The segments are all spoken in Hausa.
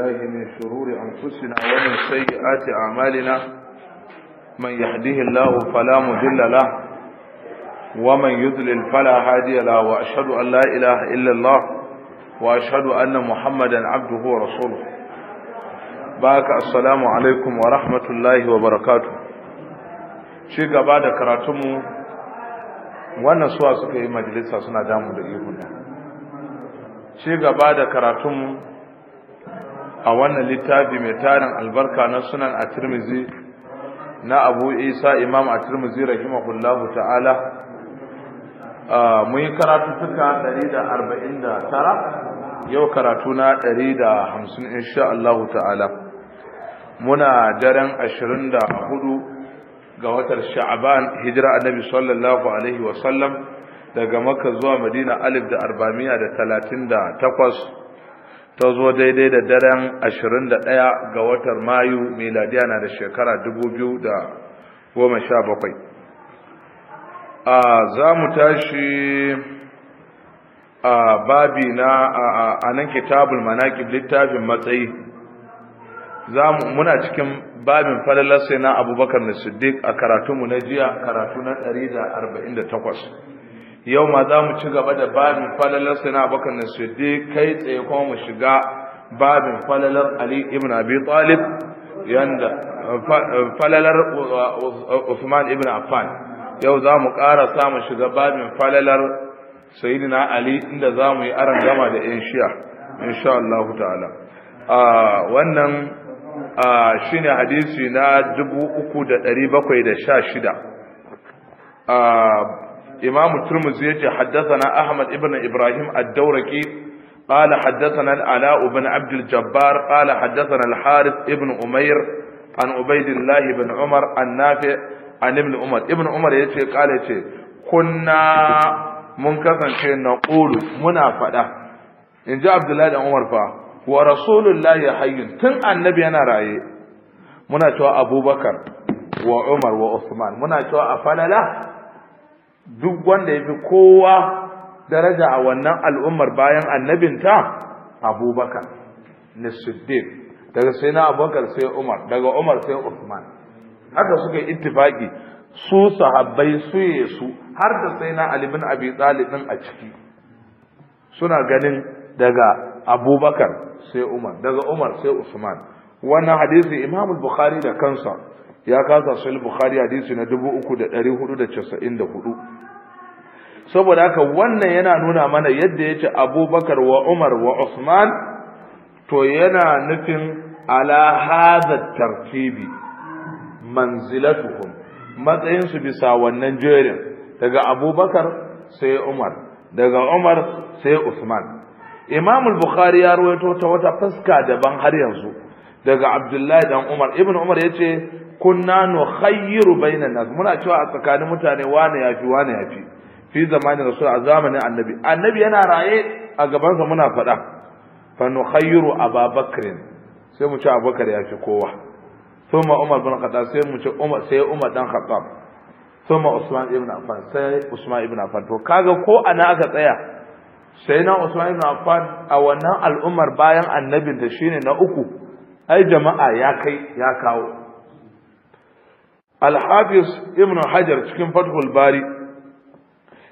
الله من شرور أنفسنا ومن سيئات أعمالنا من يهده الله فلا مذل له ومن يذلل فلا هادي له وأشهد أن لا إله إلا الله وأشهد أن محمدا عبده ورسوله باك السلام عليكم ورحمة الله وبركاته شيء بعد كراتمو wannan suwa suka yi majalisa suna damu da ihuna shi gaba da karatunmu a wannan littafi mai tarin albarka na sunan a tirmizi na abu isa imam a tirmizi rahimahullahu ta'ala mun yi karatu suka 149 yau karatu na 150 insha Allahu ta'ala muna daren 24 ga watar sha'aban hijira annabi sallallahu alaihi wasallam daga maka zuwa madina alif da arba'amiya da talatin da takwas ta zo daidai da daren 21 ga watan mayu miladiya na da shekara 2017 a za mu tashi a babi na a nan kitabul manaqib littafin matsayi za mu muna cikin babin falalar na abubakar na siddiq a karatunmu na jiya karatu na 148 yau ma za mu ci gaba da babin falalar sana bakar na siddiq kai tsaye kuma mu shiga babin falalar ali ibn abi talib yanda falalar usman ibn affan yau za mu ƙara samu shiga babin falalar sayyidina ali inda za mu yi aron gama da yan shiya insha Allah ta'ala wannan shine hadisi na 3716 imamu turmuzi yace haddathana ahmad ibn ibrahim ad-dawraqi قال حدثنا العلاء بن عبد الجبار قال حدثنا الحارث ابن أمير عن عبيد الله بن عمر عن نافع عن ابن عمر ابن عمر يتي قال يتي كنا منكسن شيء نقول منا فدا إن جاء عبد الله بن عمر فا ورسول الله حي تن النبي أنا رأي منا شو أبو بكر وعمر وعثمان منا شو أفلا لا duk wanda yafi kowa daraja a wannan al'ummar bayan annabinta abubakar ne siddiq daga sai na abubakar sai umar daga umar sai usman haka suka yi ittifaki su sahabbai suye su har da sai na ali bin abi talib a ciki suna ganin daga abubakar sai umar daga umar sai usman wannan hadisi imam bukhari da kansa ya kasa sahih bukhari hadisi na 3494 saboda haka wannan yana nuna mana yadda yace abubakar wa umar wa usman to yana nufin ala hadha tartibi manzilatuhum matsayin su bisa wannan jerin daga abubakar sai umar daga umar sai usman imam al-bukhari ya rawaito ta wata fuska daban har yanzu daga abdullahi dan umar ibn umar yace kunna khayru bayna nas muna cewa a tsakanin mutane wane yafi wane yafi fi zamanin rasul a zamanin annabi annabi yana raye a gabansa muna faɗa fa khayru ababakrin sai mu ce abubakar fi kowa thumma umar bin khattab sai mu ce umar sai umar dan khattab thumma usman ibn affan sai usman ibn affan to kaga ko ana aka tsaya sai na usman ibn affan a wannan al'ummar bayan annabin da shine na uku ai jama'a ya kai ya kawo al-hafiz ibn hajar cikin fathul bari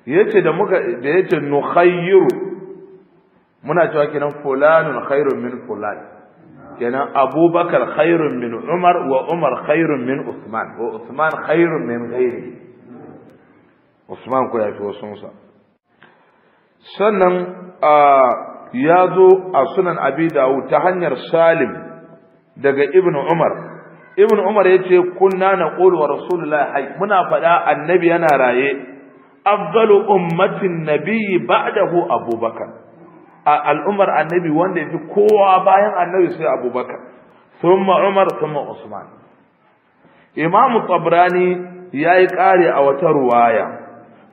yace da muka da yace nukhayyiru muna cewa kenan fulanun khairun min fulani kenan abubakar khairun min umar wa umar khairun min usman wa usman khairun min ghairi usman ko yafi wasunsa sannan ya zo a sunan abi dawud ta hanyar salim daga ibn umar ibn umar ya ce, kunna naqulu wa rasulullah hayy muna faɗa annabi yana raye afdalu ummatin nabiyyi ba'dahu abubakar al'ummar annabi wanda yafi kowa bayan annabi sai abubakar thumma umar thumma usman imam tabrani yayi kare a wata ruwaya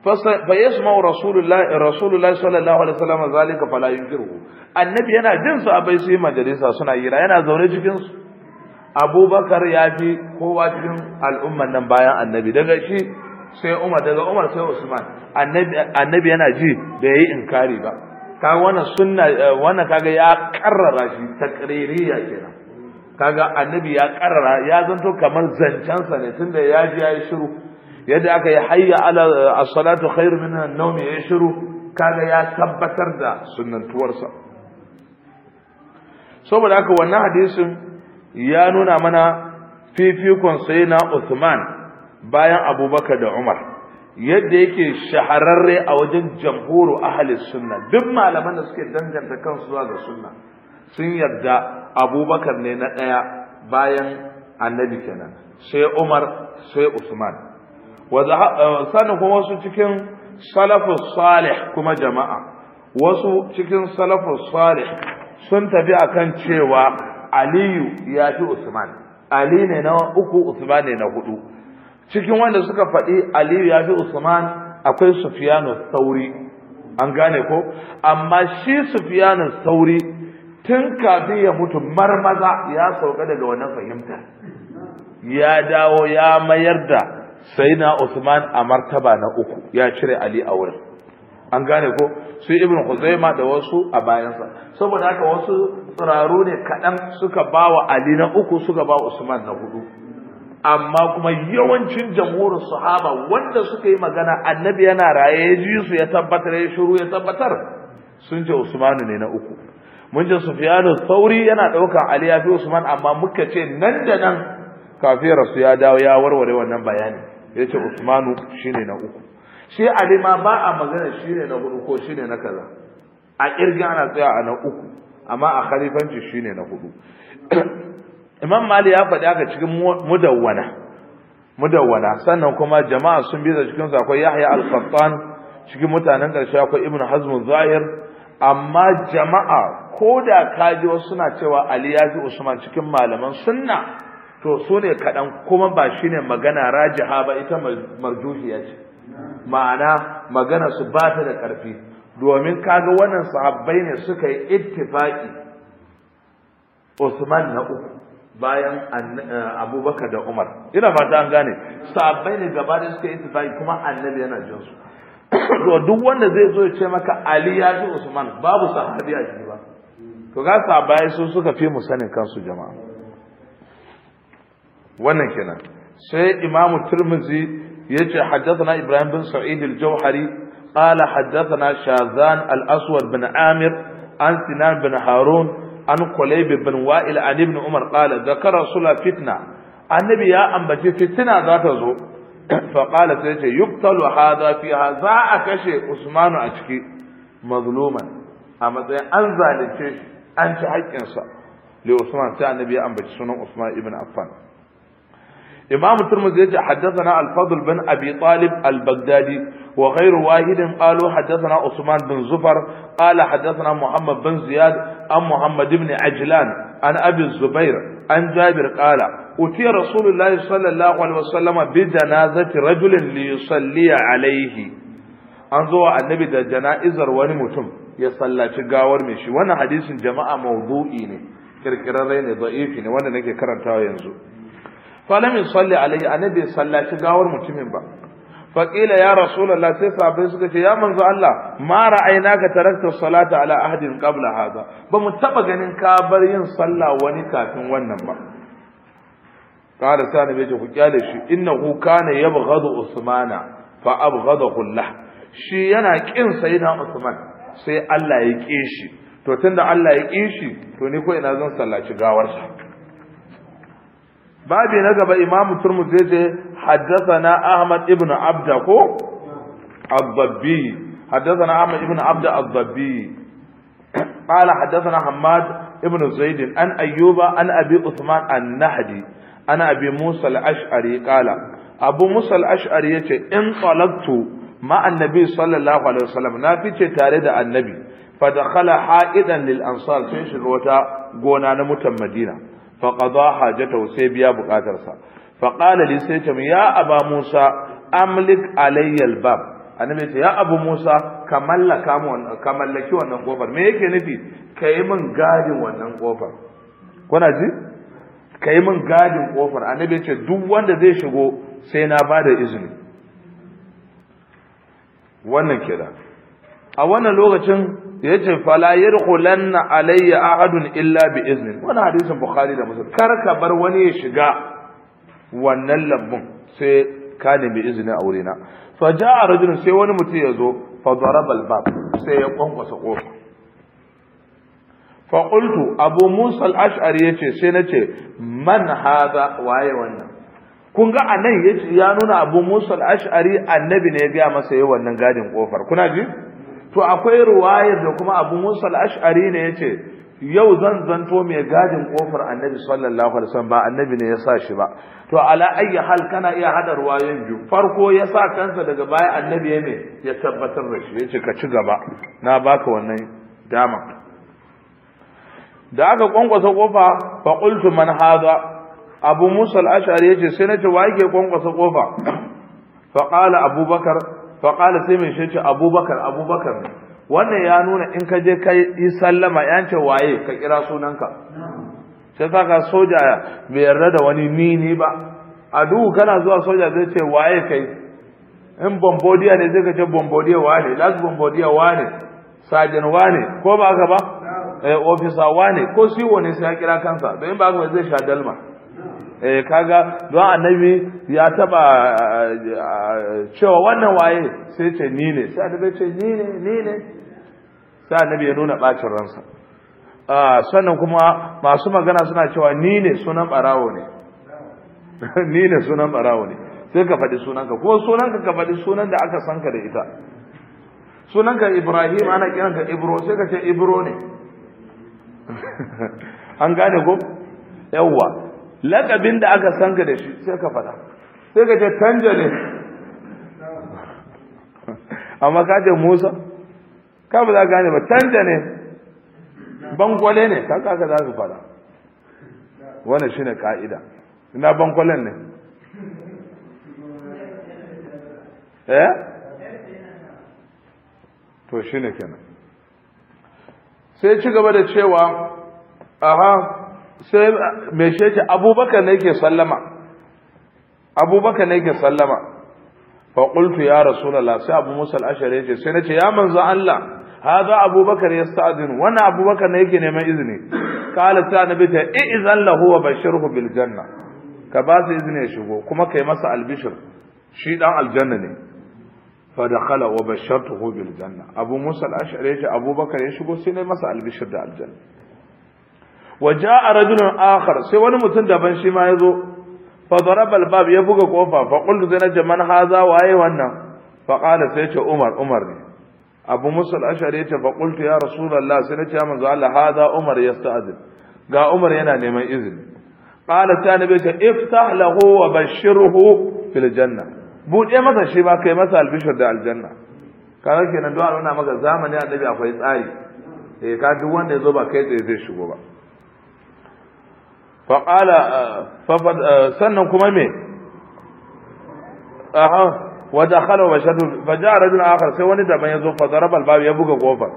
fa yasma'u rasulullah rasulullah Sallallahu alaihi wasallam zalika fala yunkiru annabi yana jin su abai sai majalisa suna yira, yana zaune cikin su abubakar ya fi kowa cikin al'umman nan bayan annabi daga shi sai umar daga umar sai usman annabi yana ji da yayi inkari ba kaga wannan sunna eh, kaga ya karrara shi ya kenan kaga annabi ya karrara ya zanto kamar zancensa ne tunda ya ji ya yi shiru yadda aka yi hayya ala eh, as-salatu khairu min an-nawm ya shiru kaga ya tabbatar da sunnantuwarsa saboda haka wannan hadisin ya nuna mana fifikon sayyidina Uthman bayan Abubakar da Umar yadda yake shahararre a wajen jamhuru ahli sunna duk malaman da suke danganta kansu zuwa ga sunna sun yarda Abubakar ne na ɗaya bayan annabi kenan sai Umar sai Uthman eh, Sani kuma wasu cikin salafu salih kuma jama'a wasu cikin salafu salih sun tafi akan cewa aliyu ya fi usman ali ne na uku usman ne na hudu cikin wanda suka faɗi aliyu ya fi usman akwai sufiyanu sauri an gane ko amma shi sufiyanu sauri tun kafin ya mutu marmaza ya sauka daga wannan fahimta. ya dawo ya mayar da sai na usman a martaba na uku ya cire ali a wurin an gane ko su ibn Khuzaima da wasu a bayansa saboda haka wasu tsiraru ne kaɗan suka ba wa Ali na uku suka ba Usman na hudu amma kuma yawancin jamhurin sahaba wanda suka yi magana annabi yana raye ya ji su ya tabbatar ya shiru ya tabbatar sun ce Usmanu ne na uku mun ji Sufyanu sauri yana ɗaukar Ali ya fi Usman amma muka ce nan da nan kafin rasu ya dawo ya warware wannan bayani ya ce Usmanu shine na uku shi alima ba a magana shi ne na hudu ko shi ne na kaza a kirga ana tsaya a na uku amma a khalifanci shi ne na hudu imam mali ya faɗi aka cikin mudawwana mudawwana sannan kuma jama'a sun bi da cikin su akwai yahya al-qattan cikin mutanen ƙarshe akwai ibnu hazm zahir amma jama'a ko da kaji wasu suna cewa ali ya fi usman cikin malaman sunna to su ne kaɗan kuma ba shine magana rajiha ba ita marjuhiya ce ma'ana magana su ba ta da ƙarfi domin kaga wannan sahabbai ne suka yi ittifaki Usman na uku bayan eh, Abubakar da Umar ina fata an gane sahabbai ne gaba da suka yi ittifaki kuma annabi yana jin su to duk wanda zai zo ya ce maka Ali ya ji Usman babu sahabi a shi ba to ga sahabbai su suka fi mu sanin kansu jama'a wannan kenan sai Imam Tirmidhi yace haddathana Ibrahim bin Sa'id al-Jawhari qala haddathana Shazan al-Aswad bin Amir an Sinan bin Harun an Qulayb bin Wa'il an ibn Umar qala dhakara sula fitna annabi ya ambace fitina za ta zo fa qala sai yace yuqtalu hadha fiha za a kashe Usman a ciki mazluman a matsayin an zalunce shi an ci haƙƙinsa li Usman sai annabi ya ambaci sunan Usman ibn Affan إمام الترمذي يجي حدثنا الفضل بن أبي طالب البغدادي وغير واحد قالوا حدثنا عثمان بن زفر قال حدثنا محمد بن زياد عن محمد بن عجلان عن أبي الزبير عن جابر قال أتي رسول الله صلى الله عليه وسلم بجنازة رجل ليصلي عليه أنزوا النبي ده جنائزر ونمتم يصلى تقاور مشي وانا حديث جماعة موضوعي ne kirkirarre ne da'ifi ne wanda nake karantawa yanzu falam salli alaihi annabi bai sallaci gawar mutumin ba fa qila ya rasulullah sai sahabbai suka ce ya manzo Allah ma ra'aynaka tarakta salata ala ahadin qabla hadha ba mu taba ganin ka bar yin sallah wani kafin wannan ba qala sai annabi ce ku kyale shi innahu kana yabghadu usmana fa abghadahu Allah shi yana kin sayyidina usman sai Allah ya ƙi shi to tunda Allah ya ƙi shi to ni ko ina zan sallaci gawar sa babi na gaba imamu turmus zai haddasa na ahmad ibn abda ko az Haddasa na ahmad ibn abda az-zabbi qala haddathana hammad ibn zaid an ayyuba an abi usman an-nahdi ana abi musa al-ash'ari qala abu musa al-ash'ari yace in talaqtu ma sallallahu alaihi wasallam na fice tare da annabi fa dakhala ha'idan lil ansar shiga wata gona na mutan madina fa qada hajatahu sai biya bukatarsa fa qala li sai ce ya aba musa amlik alayya albab annabi ya ce ya abu musa ka mu mallaki wannan kofar me yake nufi kai min gadin wannan kofar kuna ji kai min gadin kofar annabi ce duk wanda zai shigo sai na bada izini wannan kenan a wannan lokacin yace fala yadkhulanna alayya ahadun illa bi izni wannan hadisin bukhari da muslim kar ka bar wani ya shiga wannan lambun sai ka nemi izini a wurina fa jaa rajul sai wani mutum ya zo fa daraba al-bab sai ya kwankwasa kofa fa qultu abu musa al-ash'ari yace sai nace man hada waye wannan kun ga anan yace ya nuna abu musa al-ash'ari annabi ne ya ga masa yayin wannan gadin kofar kuna ji to akwai ruwayar da kuma abu musa al-ash'ari ne yace yau zan zanto mai gadin kofar annabi sallallahu alaihi wasallam ba annabi ne ya sa shi ba to ala ayyi hal kana iya hada ruwayoyin biyu farko ya sa kansa daga baya annabi ya ya tabbatar da shi yace ka ci gaba na baka wannan dama da aka kwankwasa kofa fa qultu man hadha abu musa ashari yace sai nace wa yake kwankwasa kofa fa qala abubakar faƙala sai mai shi abubakar abubakar ne wannan ya nuna in ka je ka yi sallama ya ce waye ka kira sunanka sai sa soja bai yarda da wani nini ba a duhu kana zuwa soja zai ce waye kai in bombodiya ne zai ka ce wane las bombodiya wane sajin wane ko ba ka ba eh, ofisa wane ko siwo ne sai ya kira kansa don in ba ka zai sha dalma eh kaga don annabi ya taba cewa wannan waye sai ce ni ne sai annabi ce ni ne ni ne sai annabi ya nuna bacin ransa ah, sannan kuma masu magana suna cewa ni ne sunan barawo ne ni ne sunan barawo ne sai ka faɗi sunanka ko sunanka ka faɗi sunan da aka sanka da ita sunanka ibrahim ana kiranka ibro sai ka ce ibro ne an gane ko yawwa lakabin da aka sanka da shi sai ka fada sai ka ce ne amma ka ce musa ka ba za ka gane ba ne bankwale ne ka ka za su fada shi shine ka'ida ina bankwalen ne eh to shine kenan sai ci gaba da cewa aha sai mai shi abubakar ne ke sallama abubakar ne ke sallama fa qultu ya rasulullah sai abu musa al-ashari ce sai nace ya manzo Allah hadha abubakar yasta'din wannan abubakar ne yake neman izini kala ta nabi ta i'zan lahu wa bashirhu bil janna ka ba su izini ya shigo kuma kai masa albishir shi dan aljanna ne fa dakhala wa bashartuhu bil janna abu musa al-ashari ce abubakar ya shigo sai ne masa albishir da aljanna wa ja'a rajulun akhar sai wani mutum daban shi ma yazo fa daraba albab ya buga kofa fa qultu sai nace haza waye wannan fa qala sai ce umar umar ne abu musul ashari yace fa qultu ya rasulullah sai nace manzo Allah haza umar yasta'zin ga umar yana neman izini qala ta nabi ce iftah lahu wa bashirhu fil janna bude masa shi ba kai masa albishir da aljanna kaga kenan du'a wannan maka zamani annabi akwai tsari eh ka duk wanda yazo ba kai tsaye zai shigo ba faƙala sannan kuma me aha wajen kala wa shadu fa ja rajul akhar sai wani daban ya zo fa zarabal babu ya buga kofar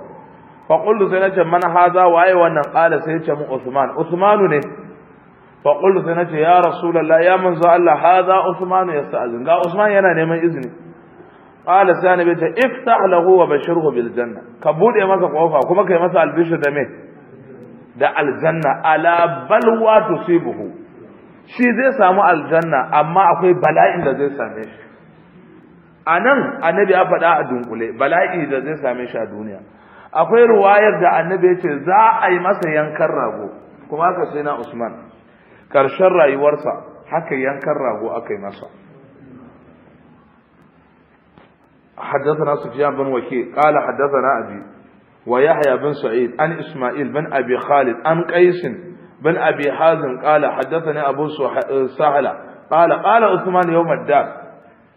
fa qultu sai nace man haza waye wannan qala sai ya ce mu usman usmanu ne fa qultu sai nace ya rasulullahi ya manzo Allah haza usmanu yasta'zin ga usman yana neman izini qala sai annabi ce iftah lahu wa bashirhu bil janna ka bude masa kofa kuma kai masa albishir da me da aljanna ala balwa tusibuhu shi zai samu aljanna amma akwai bala'in da zai same shi anan annabi ya faɗa a dunkule bala'i da zai same shi a duniya akwai ruwayar da annabi ya ce za a yi masa yankan rago kuma haka sai na usman ƙarshen rayuwarsa haka yankan rago aka yi masa حدثنا سفيان بن وكيع قال حدثنا أبي ويحيى بن سعيد عن إسماعيل بن أبي خالد عن قيس بن أبي حازم قال حدثني أبو سهلة قال قال عثمان يوم الدار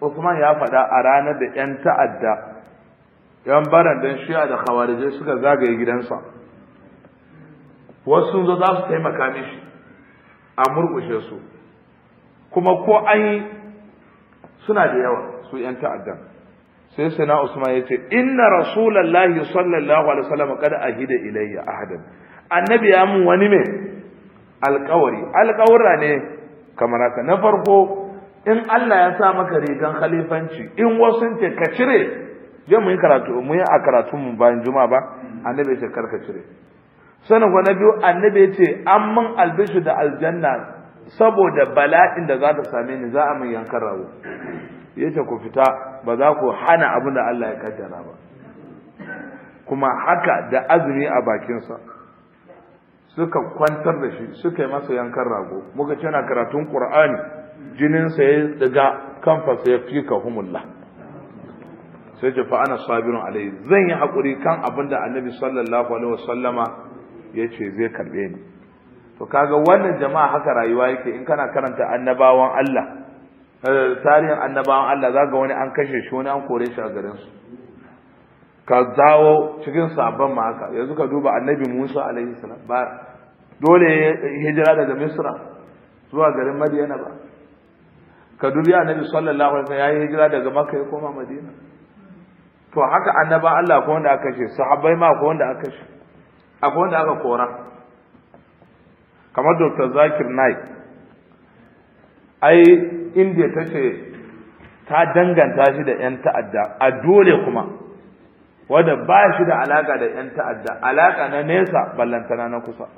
عثمان يا فدا أرانا دا أدى yan baran dan shi'a da khawarijai suka zagaye gidansa wasu sun zo za su taimaka mishi a murƙushe su kuma ko an yi suna da yawa su 'yan ta'addan sai sana usman ya ce, inna rasulullahi sallallahu alaihi wasallam kada ahida ilayya ahadan annabi ya mun wani me alƙawari alƙawura ne kamar haka na farko in Allah ya sa maka rigan khalifanci in wasu ce ka cire je mu yi karatu mu yi a karatu mu bayan juma'a ba annabi ce karka cire sanin ko na biyu annabi ce an mun albishu da aljanna saboda bala'in da za ta same ni za a mun yankan rawo yace ku fita ba za ku hana abin da Allah ya kaddara ba kuma haka da azumi a bakinsa suka kwantar da shi suka yi masa yankan rago muka ce na karatun qur'ani jininsa ya kan kanfasa ya fika humullah sai ce fa ana sabirun alai zan yi hakuri kan abin da annabi sallallahu alaihi wasallama ya ce zai karbe ni to kaga wannan jama'a haka rayuwa yake in kana karanta annabawan Allah Eh, tarihin annabawan Allah za ga wani an kashe shi wani an kore shi a garin su ka zawo cikin sabon ma haka yanzu ka duba annabi Musa alaihi salam ba dole hijira daga Misra zuwa garin Madina ba ka dubi annabi sallallahu alaihi wasallam yayi hijira daga Makka ya koma Madina to haka annaba Allah ko wanda aka kashe sahabbai ma ko wanda aka kashe akwai wanda aka kora kamar Dr. Zakir Naik ai indiya ta ce ta danganta shi da 'yan ta'adda a dole kuma wadda ba shi da alaƙa da 'yan ta'adda alaƙa na nesa ballantana na kusa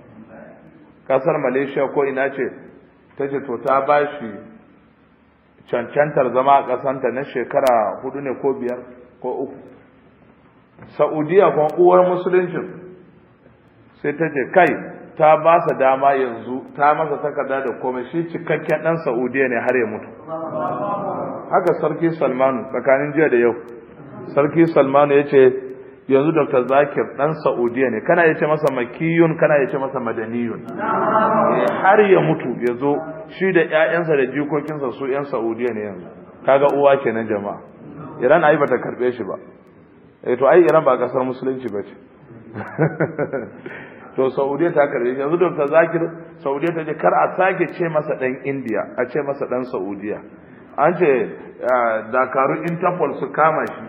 Ƙasar malaysia ko ina ce ta ce to ta ba shi cancantar zama a kasanta na shekara hudu ne ko biyar ko uku saudiya kuma uwar Musulunci sai ta ce kai ta ba sa dama yanzu ta masa takarda da komai shi cikakken dan Saudiya ne har ya mutu haka sarki Salmanu tsakanin jiya da yau sarki Salmanu yace yanzu Dr. Zakir dan Saudiya ne kana yace masa makiyun kana yace masa madaniyun har ya mutu ya zo shi da 'ya'yansa da jikokinsa su ƴan Saudiya ne yanzu kaga uwa kenan jama'a Iran ai bata karbe shi ba eh to ai Iran ba kasar musulunci ce. to saudiya ta karbe shi yanzu dr zakir saudiya ta ce kar a sake ce masa dan indiya a ce masa dan saudiya an ce ah, dakaru interpol su kama shi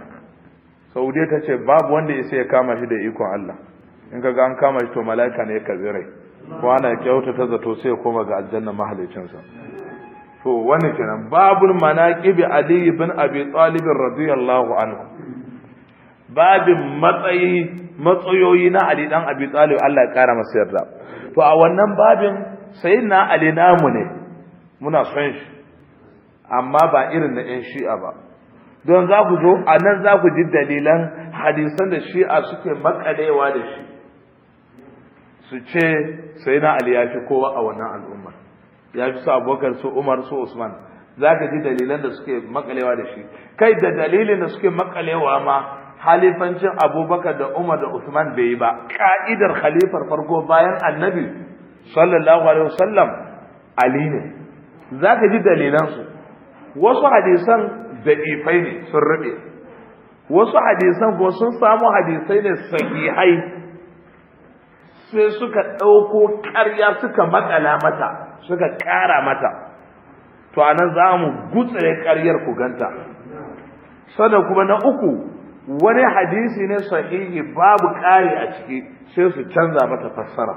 saudiya ta ce babu wanda ya sai ya kama shi da ikon allah in ka ga an kama shi to mala'ika ne ya karbi rai ko ana kyauta ta zato sai ya koma ga aljanna mahalicinsa to wani kenan babul manaqib ali ibn abi talib radiyallahu anhu babin matsayi matsayoyi na Ali dan Abi Talib Allah ya kara masa yarda to a wannan babin sayyidina Ali namu ne muna son shi amma ba irin na yan shi'a ba don za ku zo a nan za ku ji dalilan hadisan da shi'a suke makalewa da shi su ce na Ali ya fi kowa a wannan al'umma ya fi su abokan su Umar su Usman za ka ji dalilan da suke makalewa da shi kai da dalilin da suke makalewa ma halifancin abubakar da umar da usman bai yi ba ka'idar khalifar farko bayan annabi sallallahu alaihi wasallam ali ne za ka ji dalilansu wasu hadisan da'ifai ne sun rube wasu hadisan ko sun samu hadisai ne sahihai sai suka ɗauko ƙarya suka maɗala mata suka ƙara mata to anan za mu gutsire ƙaryar ku ganta sannan kuma na uku wani hadisi ne sahihi babu ƙari a ciki sai su canza mata fassara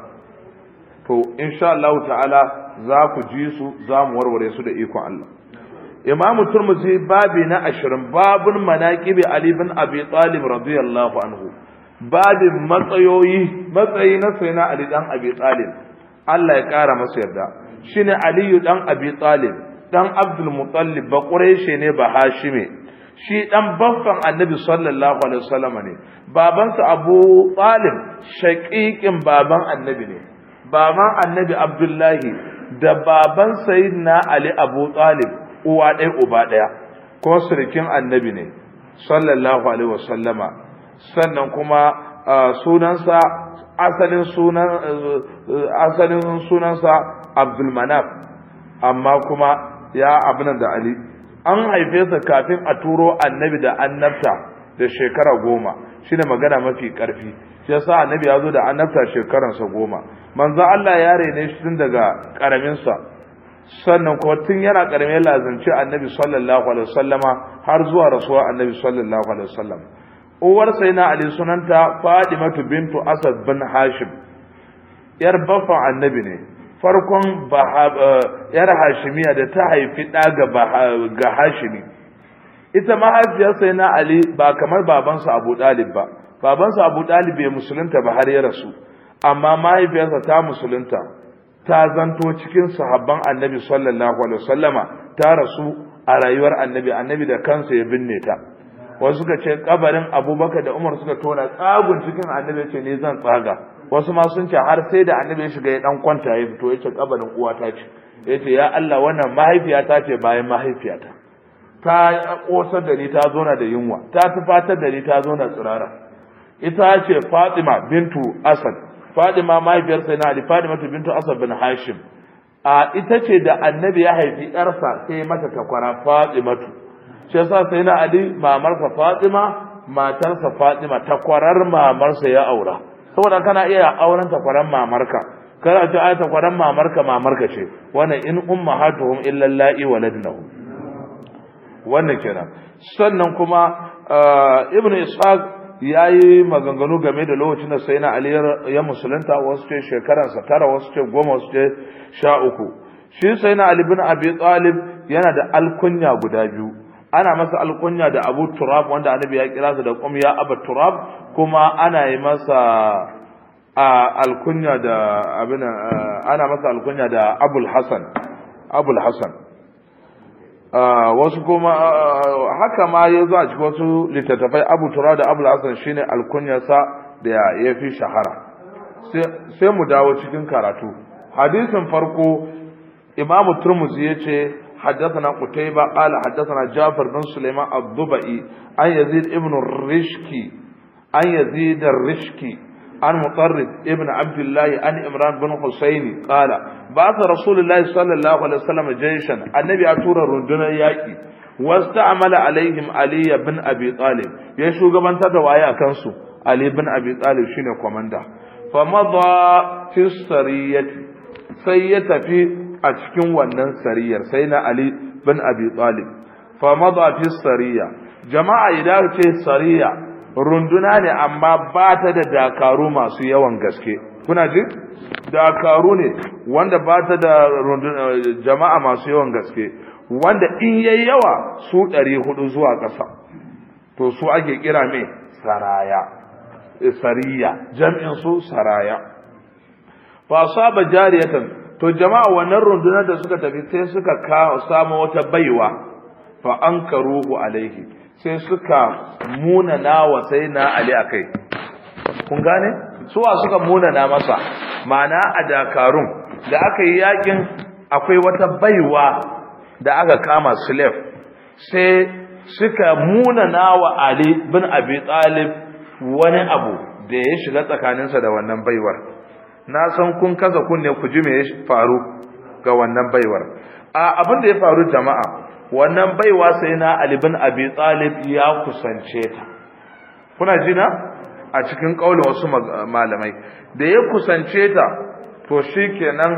to insha Allah ta'ala za ku ji su za mu warware su da ikon Allah imamu turmuzi babi na ashirin babun manaƙibi ali bin abi talib radiyallahu anhu babin matsayoyi matsayi na sai na ali dan abi talib Allah ya ƙara masa yarda shine aliyu dan abi talib dan abdul muttalib ba ne ba hashime shi dan baffan annabi sallallahu alaihi wasallam ne babansa abu talib shaqiqin baban annabi ne baban annabi abdullahi da baban sayyidina ali abu talib uwa ɗaya uba ɗaya kuma surukin annabi ne sallallahu alaihi wasallama sannan kuma sunansa asalin sunan asalin sunansa abdulmanaf amma kuma ya abinan da ali an haife sa kafin a turo annabi da annabta da shekara goma shi magana mafi karfi shi yasa annabi ya zo da annabta shekaransa goma manzo Allah ya rene shi tun daga ƙaraminsa sannan kuma tun yana ƙarami ya lazanci annabi sallallahu alaihi wasallama har zuwa rasuwa annabi sallallahu alaihi wasallam uwar sayyidina ali sunanta fadimatu bintu asad bin hashim yar baffa annabi ne farkon eh, yar hashimiya da ta haifi ɗa ga hashimi ita mahaifiyarsa yana ali ba kamar babansa abu ɗalib ba babansa abu ɗalib bai musulunta ba har ya rasu amma mahaifiyarsa ta musulunta ta zanto cikin sahabban annabi sallallahu alaihi wasallama ta rasu a rayuwar annabi annabi da kansa ya binne ta wasu suka ce kabarin abubakar da umar suka tona tsagun cikin annabi ce ne zan tsaga wasu ma sun ce har sai da annabi ya shiga ya dan kwanta ya fito yace kabarin uwata ce yace ya Allah wannan mahaifiyata ce bayan mahaifiyata ta kosar da ni ta zo na da yunwa ta tufatar da ni ta zo na tsirara ita ce Fatima bintu Asad Fatima mahaifiyar sai na Ali Fatima bintu Asad bin Hashim a ita ce da annabi ya haifi yarsa sai mata takwara Fatimatu shi yasa sai na Ali mamarsa Fatima matarsa Fatima takwarar mamarsa ya aura saboda kana iya auren ta kwaran mamarka kana ce ai kwaran mamarka mamarka ce wannan in ummahatuhum illa la'i waladnahu wannan kenan sannan kuma eh, ibnu ishaq yayi maganganu game da lokacin da sai ali ya musulunta wasu ce shekaransa tara wasu ce goma wasu ce sha uku shi sai ali bin abi talib yana da alkunya guda biyu ana masa alkunya da abu turab wanda annabi ya kira sa da kum ya aba turab kuma ana yi masa alkunya da abin ana masa alkunya da abul hasan abul hasan wasu kuma haka ma ya zo a cikin wasu littattafai abu turab da abul hasan shine alkunyarsa da ya fi shahara sai mu dawo cikin karatu hadisin farko imamu turmuzi ya ce حدثنا قتيبة قال حدثنا جعفر بن سليمان الضبئي عن يزيد ابن الرشكي عن يزيد الرشكي عن مطرد ابن عبد الله عن إمران بن حسين قال بعث رسول الله صلى الله عليه وسلم جيشا النبي أتورى رندنا ياكي واستعمل عليهم علي بن أبي طالب يشو قبان تدوايا كنسو علي بن أبي طالب شين كومندا فمضى في السرية سيتفي a cikin wannan sariyar sai na ali bin abi talib fa madha fi sariya jama'a idan ce sariya runduna ne amma ba ta da dakaru masu yawan gaske kuna ji dakaru ne wanda ba ta da jama'a masu yawan gaske wanda in yayi yawa su 400 zuwa ƙasa to su ake kira me saraya eh, sariya jam'in su saraya fa asaba jariyatan to jama'a wannan rundunar da suka tafi sai suka samu wata baiwa fa an alaihi sai suka munana wa sai na ali akai kun gane suwa suka munana masa ma'ana a dakarun da aka yi yakin akwai wata baiwa da aka kama slave sai suka munana wa ali bin abi talib wani abu da ya shiga tsakaninsa da wannan baiwar na san kun kasa kunne ku ji me ya faru ga wannan baiwar a abin da ya faru jama'a wannan baiwa sai na Ali bin Abi Talib ya kusance ta kuna ji na a cikin kaulin wasu malamai da ya kusance ta to shikenan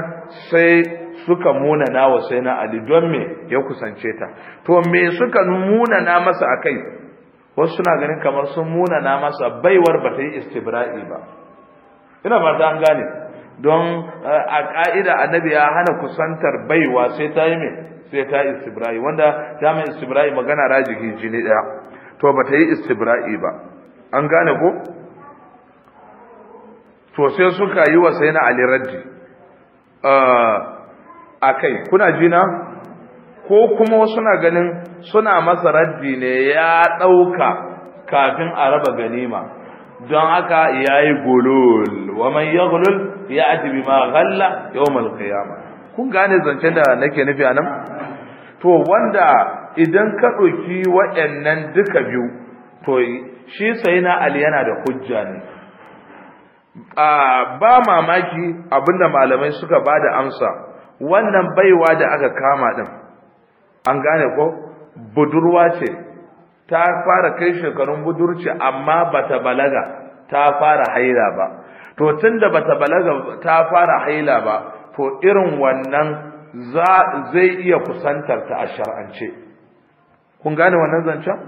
sai suka munana wa sai na Ali don me ya kusance ta to me suka munana masa akai wasu suna ganin kamar sun munana masa baiwar ba ta yi istibra'i ba ina ba ta an gane don eh, a ka'ida annabi ya hana kusantar baiwa sai ta yi mai sai ta istibra'i wanda ta mai istibra'i magana rajiki jini ɗaya, to ba ta yi istibra'i ba an gane ko to sai suka yi wa sai na ali raddi eh, a kai kuna jina ko kuma suna ganin suna masa raddi ne ya ɗauka kafin a raba ganima don haka ya yayi gulul wa man ya ati bi ma galla yau malkiyama kun gane zancen da nake nufi anan to wanda idan ka ɗauki waɗannan duka biyu to shi sai na ali yana da hujja ne ba mamaki abinda malamai suka ba da amsa wannan baiwa da aka kama ɗin an gane ko budurwa ce ta fara kai shekarun budurci amma bata balaga ta fara haila ba to tunda bata balaga ta fara haila ba to irin wannan zai iya kusantar ta a shar'ance kun gane wannan zancen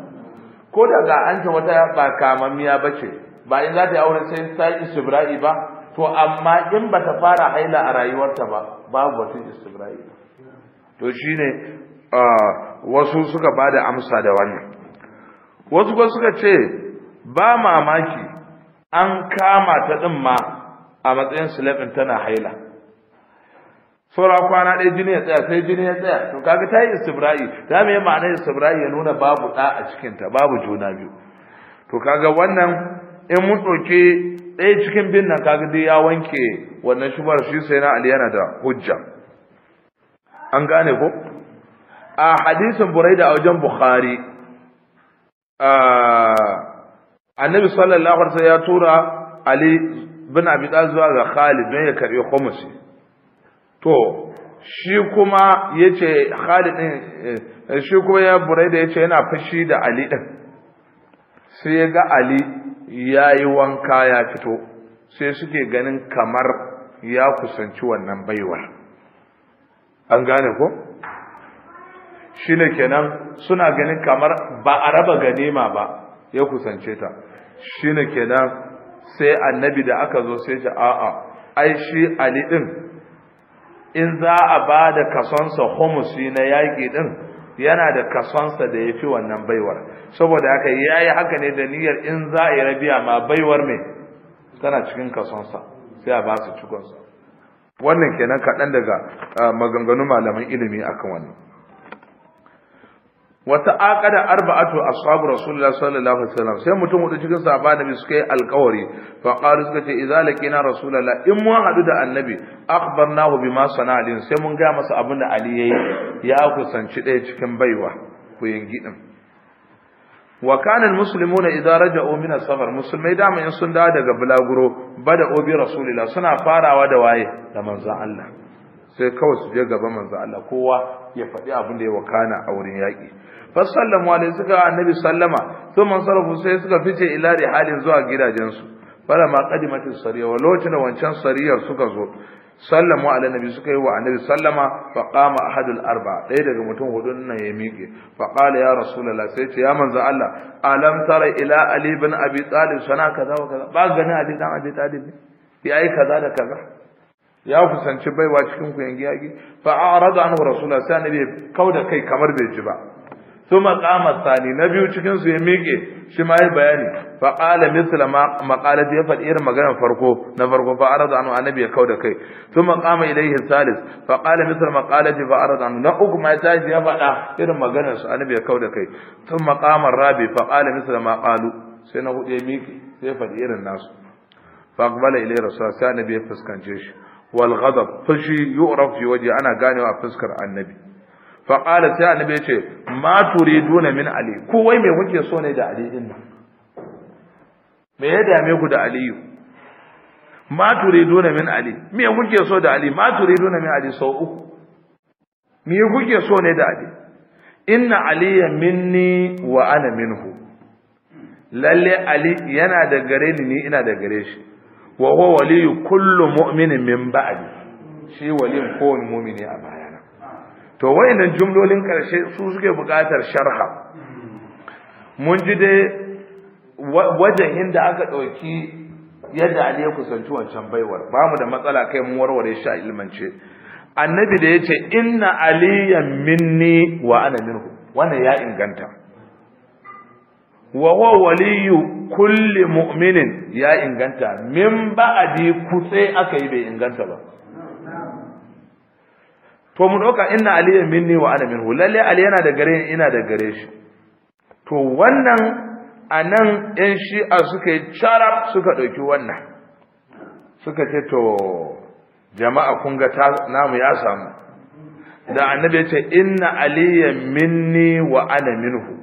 ko da ga an wata ba kamammiya bace ba in za ta yi aure sai ta yi ba to amma in bata fara haila a rayuwarta ba babu wata istibra'i to shine ah, wasu suka bada amsa da wannan wasu ba suka ce ba mamaki an kama ta ɗin ma a matsayin sulafin tana haila saura kwana ɗaya jini ya tsaya sai jini ya tsaya to kaga ta yi istibra'i ta me ma'ana istibra'i ya nuna babu ɗa a cikinta babu juna biyu to kaga wannan in mun ɗauki ɗaya cikin bin nan kaga dai ya wanke wannan shubar shi sai na ali yana da hujja an gane ko a hadisin buraida a wajen bukhari Ah, annabi sallallahu alaihi ya tura ali bin abi zuwa ga khalid don ya karbi khumusi to shi kuma yace khalid din eh, shi kuma ya da yace yana fashi da ali din sai ya ga ali yayi wanka ya fito sai suke ganin kamar ya kusanci wannan baiwar an gane ko shine kenan suna ganin kamar ba a raba ganima ba ya kusance ta shine kenan sai annabi da aka zo sai ce a'a ai shi ali din in za a ba da kasonsa homosi na yaƙi din yana da kasonsa da ya fi wannan baiwar saboda haka ya yi haka ne da niyyar in za a yi rabiya ma baiwar mai tana cikin kasonsa sai a ba su cikonsa wannan kenan kaɗan daga ah, maganganun malaman ilimi akan wannan wata aqada arba'atu ashabu rasulullah sallallahu alaihi wasallam sai mutum hudu cikin sahaba da bi suka yi alƙawari fa qalu suka ce idza laqina rasulullah in mun hadu da annabi akhbarnahu bima sana alin sai mun ga masa abin da ali yayi ya kusanci ɗaya cikin baiwa ku yangi din wa kana almuslimuna idza raja'u min as musulmai da in sun dawo daga bulaguro bada obi rasulullah suna farawa da waye da manzon Allah sai kawai su je gaba manzo Allah kowa ya faɗi abin da ya wakana a wurin yaƙi fasallamu alaihi suka annabi sallama sun mansarafu sai suka fice ila da halin zuwa gidajensu fara ma qadimatis sariya wa lokacin wancan sariyar suka zo sallamu ala nabi suka yi wa annabi sallama fa qama ahadul arba ɗaya daga mutum hudun nan ya miƙe fa qala ya rasulullah sai ce ya manzo Allah alam tara ila ali ibn abi talib sana kaza wa kaza ba gani ali dan abi talib ne yayi kaza da kaza ya kusanci baiwa cikin ku yangi yaki fa a'rada anhu rasulullah sai annabi kauda kai kamar bai ji ba thumma qama sani na biyu cikin su ya miƙe shi ma yi bayani fa qala mithla ma maqalat ya fadi irin magana farko na farko fa arada anhu annabi ya kauda kai thumma qama ilayhi salis fa qala mithla ma qalat fa arada anhu na uku ma taji ya fada irin maganar su annabi ya kauda kai thumma qama rabi fa qala mithla ma qalu sai na hudu ya miƙe sai ya fadi irin nasu fa qala ilayhi rasul sai annabi ya fuskance shi wal ghadab fushi yu'raf waje ana ganewa a fuskar annabi fa sai annabi yace ma turiduna ali ko me kuke so ne da ali din nan ya dame ku da aliyu ma turiduna ali me kuke so da ali ma turiduna ali sau uku me kuke so ne da ali inna aliya minni wa ana minhu lalle ali yana da gare ni ni ina da gare shi wa huwa waliyu kullu mu'minin min ba'di shi waliyin kowane mu'mini a bayana to wayannan jumlolin karshe su suke buƙatar sharha mun ji dai wajen inda aka ɗauki yadda Ali ya kusanci wancan baiwar ba mu da matsala kai mu warware shi a ilmance annabi da yace inna aliyan minni wa ana minhu wannan ya inganta wa huwa waliyu kulli mu'minin ya inganta min ba'adi kutse aka yi bai inganta ba to mu dauka inna aliyan minni wa ana minhu lalle ali yana da gare ni, ina da gare shi to wannan anan yan a suka yi charab suka dauki wannan suka ce to jama'a kun ga namu ya samu da annabi ya ce inna aliyan minni wa ana minhu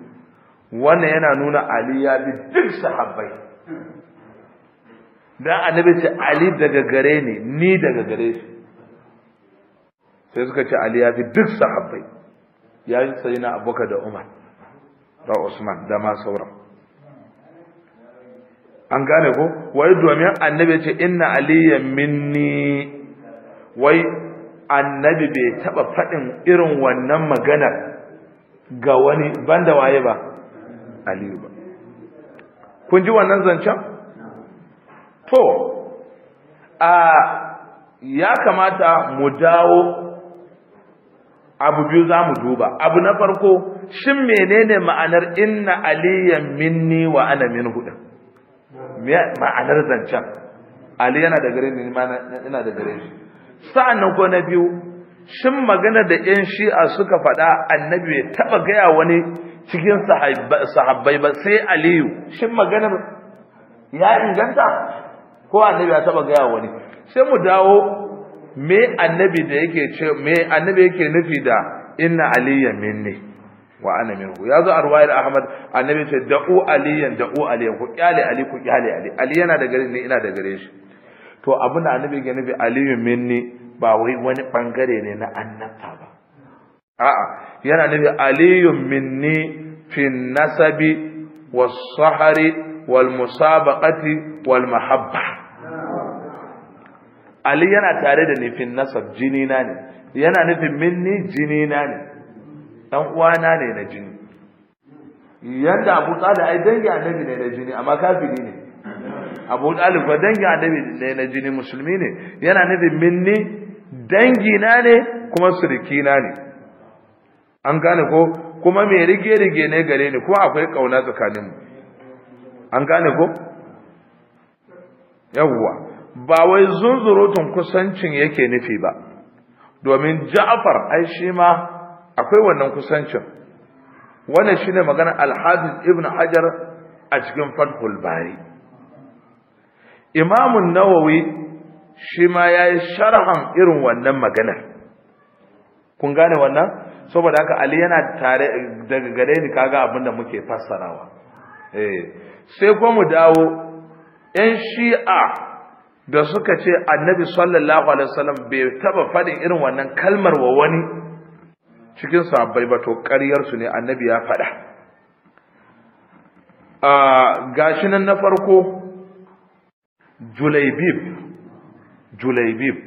wannan yana nuna ali ya bi duk sahabbai dan annabi ce ali daga gare ne ni daga gare shi sai suka ce ali ya bi duk sahabbai ya yi sai na abubakar da umar da usman da ma sauran an gane ko wai domin annabi ce inna aliya minni wai annabi bai taba faɗin irin wannan maganar ga wani banda waye ba aliyu ba kun ji wannan zancen to a ya kamata mu dawo abu biyu za mu duba abu na farko shin menene ma'anar inna aliyan minni wa ana min hudu? ma'anar zancen ali yana da gare ni ina da gare shi sa'annan ko na biyu shin magana da yan shi'a suka faɗa annabi ya taɓa gaya wani cikin sahabbai ba sai aliyu shin maganar ya inganta ko annabi ya taba gaya wani sai mu dawo me annabi da yake ce me annabi yake nufi da inna aliyan minni wa ana minhu ya zo da ahmad annabi ce da'u aliyan da'u aliyan ku kyale ali ku kyale ali ali yana da gare ni ina da gare shi to abin da annabi ya nufi aliyu minni ba wai wani bangare ne na annabta ba a'a yana nabi aliyun minni fi nasabi was sahari wal musabaqati wal mahabba ali yana tare da ni fi nasab jini na ne yana nufin minni jini na ne dan uwana ne na jini yadda abu tsada ai dangi annabi ne na jini amma kafiri ne abu talib ba dangi annabi ne na jini musulmi ne yana nufin minni dangi na ne kuma surki na ne an gane ko kuma mai rige-rige ne gare ni kuma akwai kauna tsakaninmu an gane ko yawwa ba wai zunzurutun kusancin yake nufi ba domin ja'far ai shi ma akwai wannan kusancin wannan shine maganar al-hafiz ibn hajar a cikin fathul bari Imam nawawi shi ma yayi sharhan irin wannan maganar kun gane wannan saboda haka ali yana tare daga gare ni kaga abin da muke fassarawa eh sai kuma mu dawo yan shi'a da suka ce annabi sallallahu alaihi wasallam bai taba faɗin irin wannan kalmar wa wani cikin sahabbai ba to ƙaryar su ne annabi ya faɗa a gashi nan na farko julaibib julaibib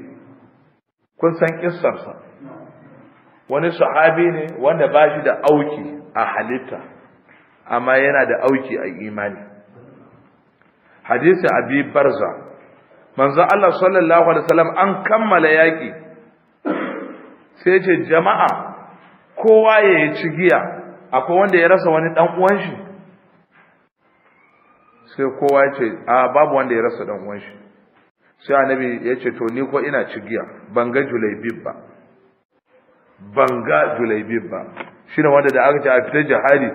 kun san kissarsa wani sahabi ne wanda ba shi da auki a halitta amma yana da auki a imani hadisi abi barza manzo Allah sallallahu alaihi wasallam an kammala yaki sai ce jama'a kowa ya yi cigiya akwai wanda ya rasa wani dan uwan shi sai kowa ya ce a babu wanda ya rasa dan uwan shi sai annabi ya ce to ni ko ina cigiya ban ga julaibib ba ban ga julaibib ba shi ne wanda da aka ce a fita jihadi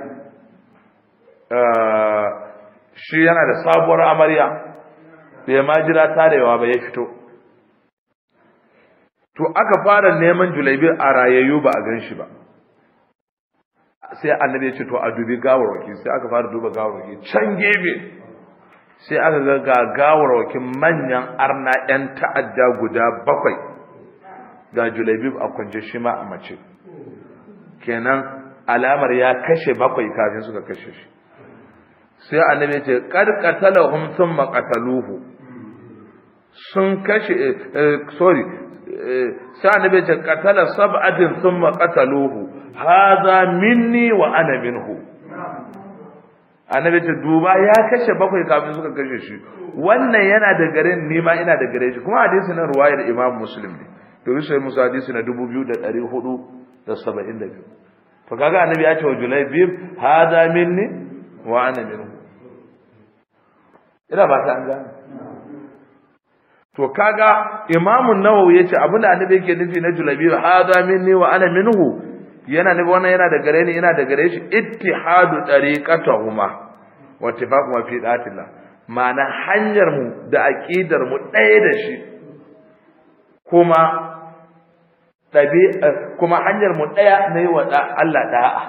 eh, shi yana da sabuwar amarya bai ma jira yawa ba ya fito to aka fara neman julaibib a rayayyu ba a gan shi ba sai annabi ya ce to a dubi gawarwaki sai aka fara duba gawarwaki can gefe sai aka ga gawarwakin manyan arna 'yan ta'adda guda bakwai ga julaibib a kwance shi ma a mace kenan alamar ya kashe bakwai kafin suka kashe shi sai annabi ya ce qad qatalahum thumma qataluhu sun kashe eh, eh, sorry eh, sai annabi ya ce qatala sab'atin thumma qataluhu hadha minni wa ana minhu annabi ce duba ya kashe bakwai kafin suka kashe shi wannan yana da garin nima ina da gare shi kuma hadisi nan ruwayar imam muslim ne domin sai musa hadisi na dubu biyu da dari hudu da saba'in da biyu to kaga annabi ya ce wa julai bib hada minni wa ana minhu ina ba ta an gane to kaga imamun nawawi yace abin da annabi yake nufi na Julai julabi hada minni wa ana minhu yana nufi wannan yana da gare ni yana da gare shi ittihadu tariqatahuma wa kuma fi datillah ma'ana hanyar mu da aqidar mu ɗaya da shi kuma kuma hanyar mu ɗaya na yi wa Allah da'a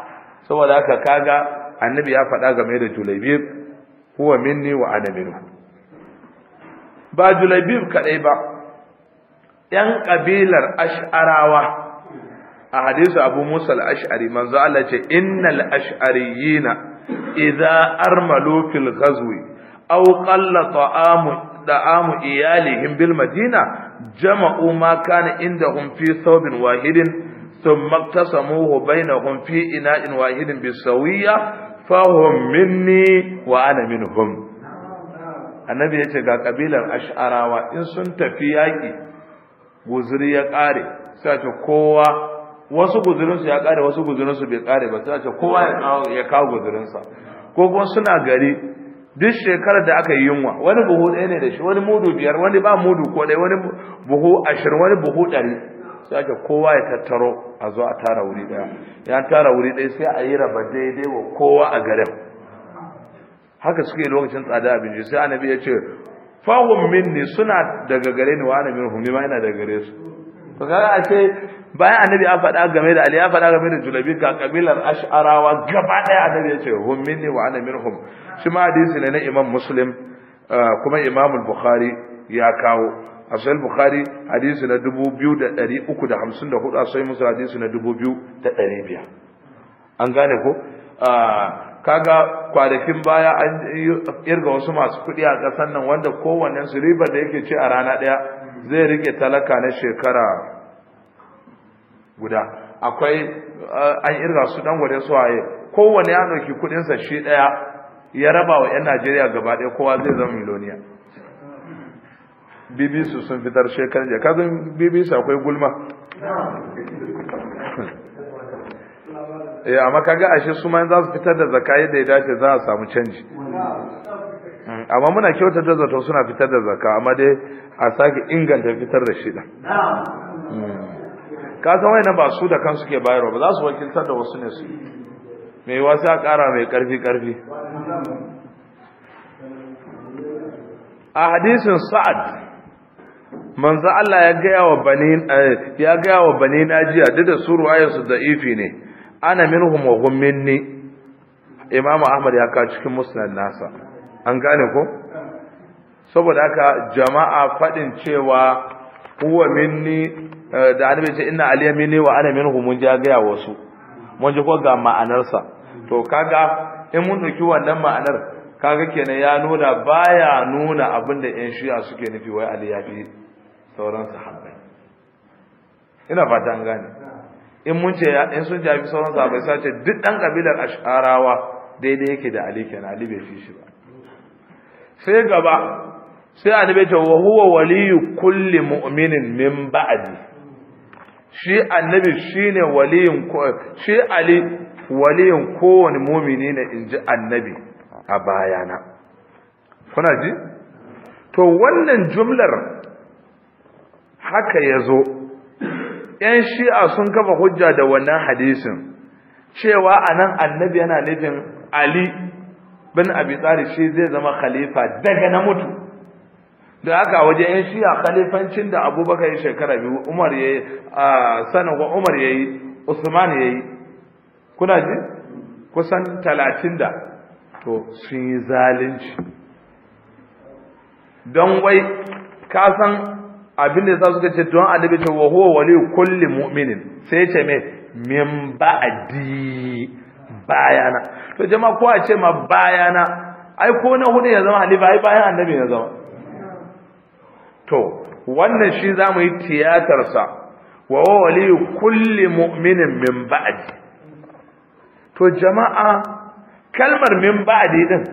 saboda haka kaga annabi ya faɗa game da julaibib huwa minni wa ana minhu ba julaibib kaɗai ba ‘yan ƙabilar ash'arawa a hadisu abu musa al'ash'ari manzo Allah ce innal ash'ariyina idza armalu fil ghazwi aw qalla ta'amu da'amu iyalihim bil madina jama'u ma kana indahum fi thawbin wahidin ثم اقتسموه بينهم في إناء واحد بالسوية فهم مني وأنا منهم annabi ya ce ga kabilar ash'arawa in sun tafi yaƙi guzuri ya ƙare sai ce kowa wasu guzurinsu ya ƙare wasu guzurinsu bai ƙare ba sai ce kowa ya kawo guzurinsa ko kuma suna gari duk shekarar da aka yi yunwa wani buhu ɗaya ne da shi wani mudu biyar wani ba mudu ko ɗaya wani buhu ashirin wani buhu ɗari sai ake kowa ya tattaro a zo a tara wuri ɗaya ya tara wuri ɗaya sai a yi raba daidai wa kowa a garin haka suke lokacin tsada abinci sai annabi ya ce fahimmin ne suna daga gare ni wa ana minhum ni yana daga gare su to a ce bayan annabi ya faɗa game da ali ya faɗa game da julabi ga kabilar ash'arawa gaba ɗaya annabi ya ce hum minni wa ana minhum shi ma hadisi ne na imam muslim uh, kuma imam bukhari ya kawo a sahih bukhari hadisi na 2354 a sahih muslim hadisi na 2500 an gane ko uh, kaga kwanakin baya an irga wasu masu kuɗi a ƙasar nan wanda kowannen su ribar da yake ci a rana ɗaya zai rike talaka na shekara guda akwai eh, an irga su dan gwade su waye kowane ya ɗauki kuɗinsa shi ɗaya ya raba wa 'yan najeriya gaba ɗaya kowa zai zama miliyoniya. bibisu sun fitar shekar jiya kazan bibisu akwai gulma eh amma kaga ashe su ma za su fitar da zakai da ya dace za a samu canji hmm, amma muna kyautar da zato suna fitar da zakka amma dai a sake inganta fitar da shi da ka san na ba su da kansu ke bayarwa ba za su wakiltar da wasu ne su mai wasu a ƙara mai ƙarfi ƙarfi a hadisin sa'ad manzo Allah ya gaya wa bani eh, ya ga yawa bani najiya duk da su da da'ifi ne ana minhum wa hum minni imamu Ahmad ya ka cikin musnad nasa an gane ko saboda haka jama'a fadin cewa huwa minni Eh, da annabi ce inna aliya wa ana minhu mun ja ga wasu mun ji ko ga ma'anarsa to kaga in mun dauki wannan ma'anar kaga kenan ya nuna baya nuna abin da yan shi'a suke nufi wai ali sauran sahabbai ina fata an gane in mun ce in sun jafi sauran sahabbai sai ce duk dan kabilar asharawa daidai yake da ali kenan ali bai fi shi ba sai gaba sai annabi ce wa huwa waliyyu kulli mu'minin min ba'di shi annabi shine waliyin shi ali waliyin kowane mumini ne inji annabi a bayana kuna ji to wannan jumlar haka yazo yan shi'a sun kafa hujja da wannan hadisin cewa anan annabi yana nufin ali bin abi tsari shi zai zama khalifa daga na mutu da haka waje yan shi'a khalifancin da abubakar ya shekara biyu umar ya yi sanin wa umar ya yi usman ya yi kuna ji kusan talatin da to sun yi zalunci don wai ka san abin da za su ce don annabi ce wa huwa wali kulli mu'minin sai ce mai min ba'di bayana to jama'a ko a ce ma bayana ai ko na hudu ya zama halifa ai bayan annabi ya zama to wannan shi za mu yi tiyatarsa wa wali kulli mu'minin min ba'di to jama'a kalmar min ba'di din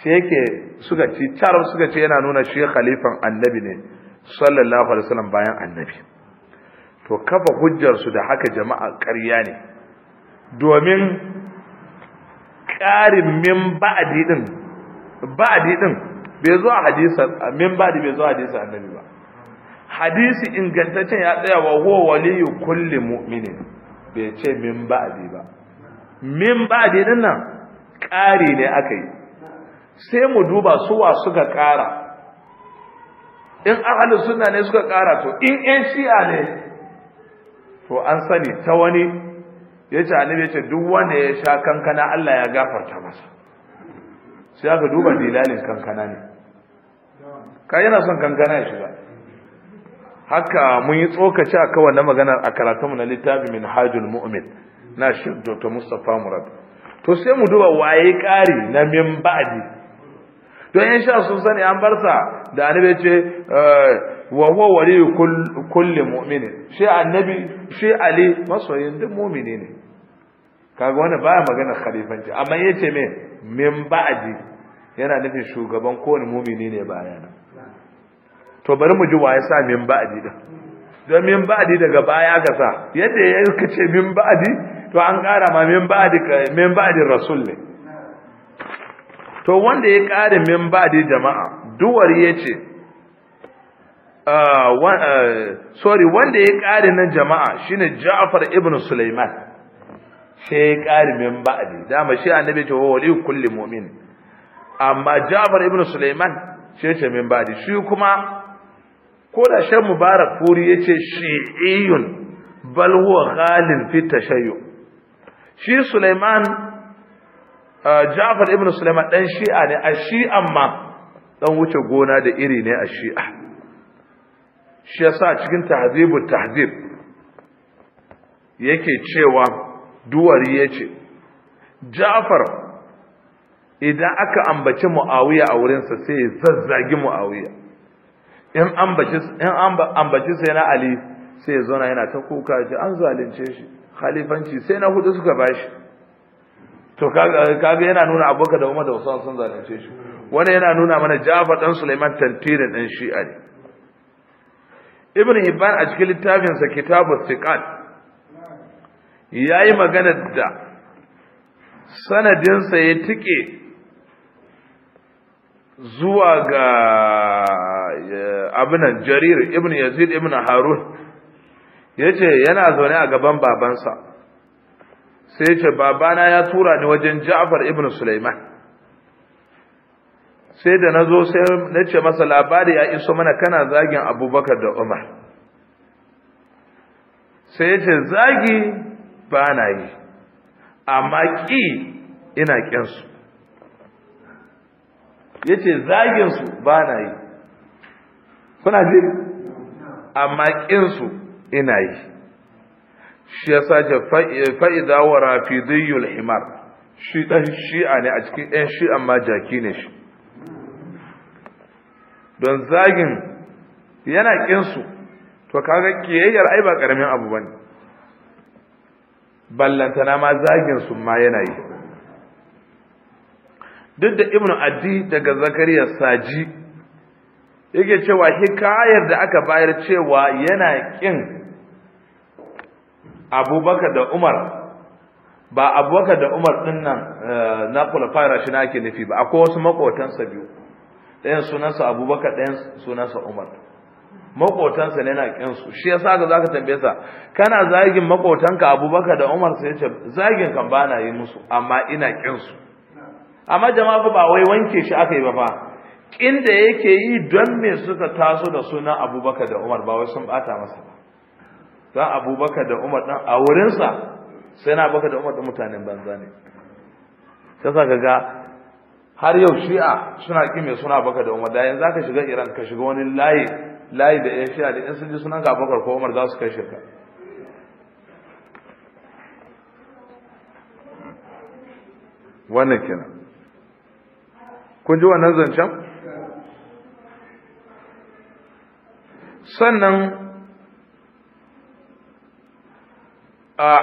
sai yake suka ci suka ce yana nuna shi khalifan annabi ne sallallahu alaihi wasallam bayan annabi to kafa hujjar su da haka jama'a ƙarya ne domin ƙarin min ba'di din ba'di din bai zuwa a min ba bai zuwa a hadisan annabi ba hadisi ingantaccen ya tsaya wa huwa waliyu kulli mu'minin bai ce min ba'di ba min ba'di din nan ƙari ne aka yi sai mu duba suwa suka ƙara in ahli sunna ne suka kara to in ƴan shi'a ne to an sani ta wani yace annabi ce duk wanda ya sha kankana Allah ya gafarta masa sai aka duba dilalin kankana ne ka yana son gangana ya shiga haka mun yi tsokaci a kawai na maganar a karatunmu na littafi min hajjul mu'min na shi dr mustapha murad to sai mu duba waye kari na min ba'di don yan sha sun sani an bar sa da annabi ce eh, wa huwa wali kulli mu'min shi annabi shi ali masoyin duk mu'mini ne kaga wani baya magana khalifanci amma yace me min ba'di yana nufin shugaban kowane mu'mini ne bayana to bari mu ji wa ya sa min ba'adi da don min ba'adi daga baya aka sa yadda ya kace min ba'adi to an ƙara ma min ba'adi min ba'adi rasul ne to wanda ya ƙara min ba'adi jama'a duwar yace ah, ah, sorry wanda ya ƙari nan jama'a shine Ja'far ibn Sulaiman sai ya ƙari min ba'adi dama shi annabi ce wa wali kulli mu'min amma Ja'far ibn Sulaiman sai ce min ba'adi shi kuma ko da shan mubarak furi yace shi'iyun bal huwa ghalin fi tashayyu shi Sulaiman Ja'far ibn Sulaiman dan Shi'a ne a Shi'an ma dan wuce gona da iri ne a Shi'a shi yasa cikin tahzibut tahzib yake cewa duwari yace Ja'far idan aka ambaci Muawiya a wurinsa sai zazzagi Muawiya in ambaci sai na ali sai ya zauna yana ta kuka shi an zalunce shi khalifanci sai na hudu suka bashi to kaga yana nuna abokan da umar da wasu sun zalunce shi wani yana nuna mana jafar dan suleiman tantirin dan shi'a ali ibn hibban a cikin littafinsa kitabu siqat yayi magana da sanadinsa ya tike zuwa ga abinan jarir ibn yazid ibn harun ya ce yana zaune a gaban babansa sai ce babana ya tura ni wajen ja'far ibn sulaiman sai da na zo sai na ce masa labari ya iso mana kana zagin abubakar da umar sai ya ce zagi ba na yi amma ƙi ina ƙinsu ya ce zaginsu ba na yi kuna ji amma ƙinsu ina yi shi ya sace fa'ida wa rafidiyul himar shi ɗan shi'a ne a cikin ɗan shi amma jaki ne shi don zagin yana ƙinsu to kaga kiyayyar ai ba ƙaramin abu ba ne ballantana ma zagin su ma yana yi duk da ibnu addi daga zakariya saji yake cewa hikayar da aka bayar cewa yana kin abubakar da umar ba abubakar da umar din nan eh, na kulafai shi na ake nufi ba akwai wasu makotansa biyu ɗayan sunansa abubakar ɗayan sunansa umar makotansa ne na su. shi yasa ga zaka tambaye sa kana zagin makotanka abubakar da umar sai ce zagin kan bana yi musu amma ina kin su. amma jama'a ba wai wanke shi aka yi ba fa inda da yake yi don me suka taso da sunan abubakar da umar ba wai sun bata masa ba don abubakar da umar ɗan a wurinsa sai na abubakar da umar ɗan mutanen banza ne ta sa ga har yau shi'a suna ƙi mai suna abubakar da umar da yanzu za ka shiga iran ka shiga wani layi layi da yan shi'a da yan sun ji sunan ka abubakar ko umar za su kai shirka wannan kenan kun ji wannan zancen sannan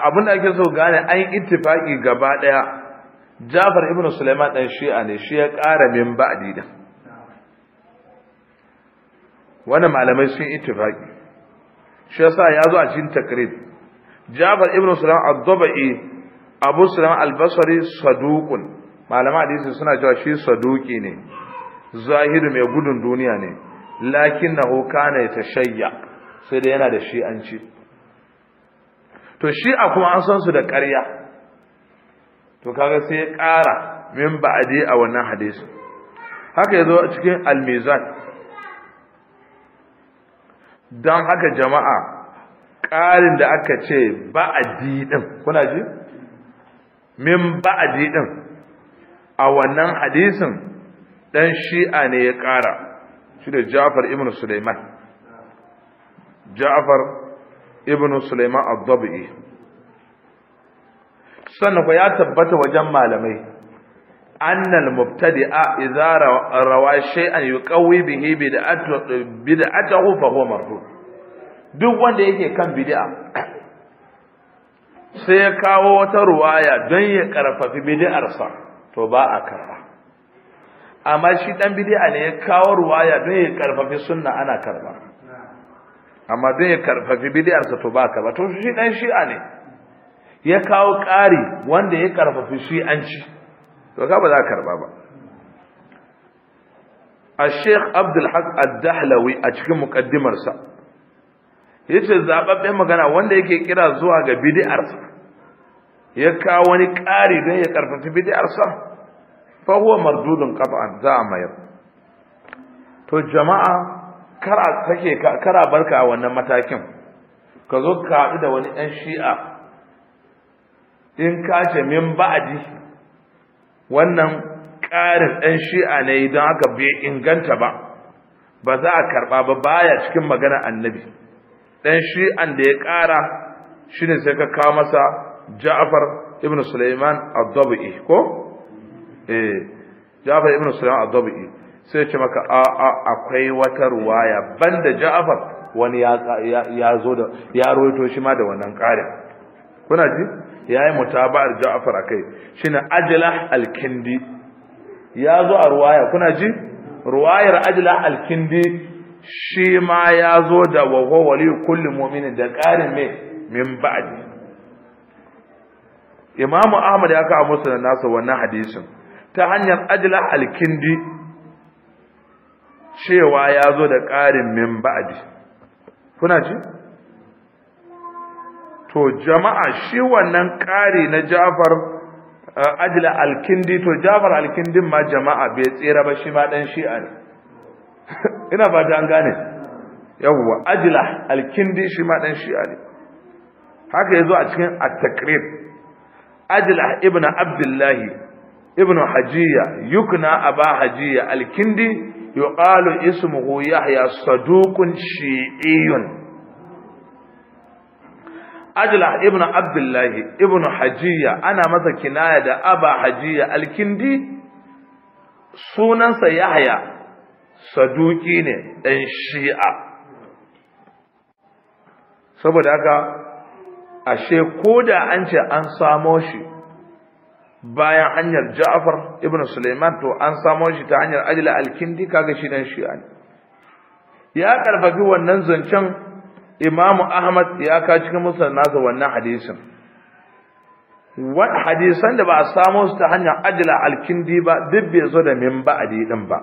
abin da ake so gane an ittifaki gaba daya Jafar ibn Sulaiman dan Shi'a ne shi ya ƙara min ba'di da wannan malamai sun ittifaki shi yasa ya zo a cikin takrir Jafar ibn Sulaiman ad-Dubai Abu Sulaiman al-Basri saduqun malama hadisi suna cewa shi saduki ne zahiru mai gudun duniya ne Lakin na na ya tashayya sai da yana da shi'anci to shi'a kuma an san su da ƙarya to kaga sai ya ƙara min ba'adi a wannan hadisi haka ya yazo cikin almizan. Don haka jama'a ƙarin da aka ce ba'adi din kuna ji min ba'adi din a wannan hadisin ɗan shi'a ne ya ƙara ne Ja'far ibn Sulaiman Ja'far ibn Sulaiman ad-Dabi'i sannan ya tabbata wajen malamai annal mubtadi'a idza rawa shay'an yuqawi bihi bid'atahu fa huwa marfud duk wanda yake kan bid'a sai ya kawo wata ruwaya don ya karfafi bid'arsa to ba a karba amma shi dan bid'a ne ya kawo ruwaya don ya karfafi sunna ana karba amma don ya karfafi bid'arsa to ba karba to shi dan shi'a ne ya kawo ƙari wanda ya karfafi an ci. to ka ba za ka karba ba Abdul Haq الحق الدحلوي a cikin mukaddimarsa yace zababben magana wanda yake kira zuwa ga bid'arsa ya kawo wani ƙari don ya karfafi bid'arsa fa huwa mardudun qat'an za a mayar to jama'a kar a sake kar a barka wannan matakin ka zo ka haɗu da wani ɗan shi'a in ka ce min ba'adi wannan ƙarin ɗan shi'a ne don aka bai inganta ba ba za a karɓa ba baya cikin magana annabi ɗan shi'an da ya ƙara shine sai ka kawo masa ja'far ibn Sulaiman ad-Dabi'i ko eh Ja'far ibn Sulaiman ad-Dabi'i sai ce maka a a akwai wata ruwaya banda Ja'far wani ya ya zo da ya rawaito shi ma da wannan ƙarin kuna ji yayi mutaba'ar Ja'far akai shine Ajlah al-Kindi ya zo a ruwaya kuna ji ruwayar Ajlah al-Kindi shi ma ya zo da wahuwa wali kulli mu'minin da ƙarin me min ba'di Imam Ahmad ya ka musu da nasa wannan hadisin ta hanyar ajla alkindi cewa ya zo da ƙarin min ba'adi kuna ji to jama'a shi wannan ƙari na Jafar eh, ajla alkindi to Jafar alkindin ma jama'a bai tsira ba shi ma dan shi'a ne ina ba an gane yawwa ajla alkindi shi ma dan shi'a ne haka yazo a cikin at-taqrib ajla ibn abdullahi ibnu hajiya yukna aba hajiya alkindi yuqalu ismuhu yahya saduqun shi'iyun ajla ibn abdullahi ibn hajiya ana masa kinaya da aba hajiya alkindi sunansa yahya saduki ne ɗan shi'a saboda haka ashe ko da an ce an samo shi bayan hanyar Ja'far ibn Sulaiman to an samo shi ta hanyar Ajla al-Kindi kaga shi dan shi. ne ya karfafi wannan zancen Imam Ahmad ya ka cikin musan nasa wannan hadisin wat hadisan da ba a samo su ta hanyar Ajla al-Kindi ba duk bai zo da min ba adidin ba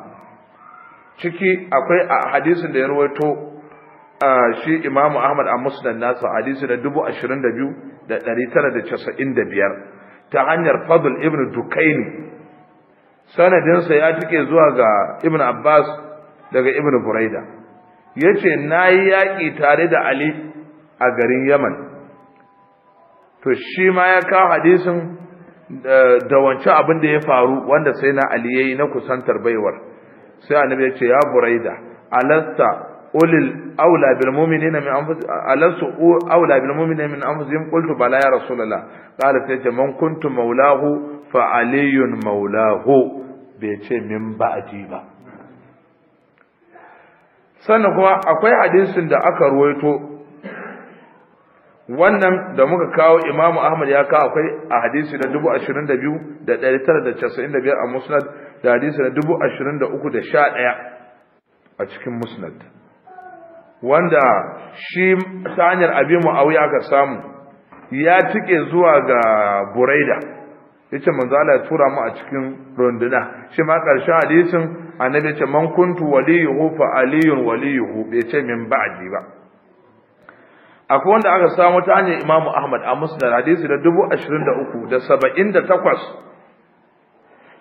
ciki akwai hadisin da ya rawaito shi Imam Ahmad a Musnad nasa hadisi da 22995 ta hanyar fadl ibn dukaini sanadinsa ya cike zuwa ga ibn abbas daga ibn buraida ya ce na yi yaƙi tare da ali a garin yaman to shi ma ya kawo hadisin da wancan abin da ya faru wanda sai na ali yayi na kusantar baiwar sai annabi ya ce ya buraida alasta ulil aula bil mu'minina min anfusihim alasu aula bil mu'minina min anfusihim qultu bala ya rasulullah qala sai ce man kuntu maulahu fa aliyun maulahu bai ce min ba'di ba sannan kuma akwai hadisin da aka ruwaito wannan da muka kawo imamu ahmad ya kawo akwai a hadisi na dubu ashirin da biyu da ɗari tara da casa'in da biyar a musnad da hadisi na dubu ashirin da uku da sha ɗaya a cikin musnad wanda shi ta hanyar abin mu'awiya aka samu ya tike zuwa ga buraida yace manzo Allah ya tura mu a cikin runduna shi ma karshen hadisin annabi yace man kuntu waliyuhu fa aliyun waliyuhu bai ce min ba'di ba akwai wanda aka samu ta hanyar imamu ahmad a musnad hadisi da 23 da 78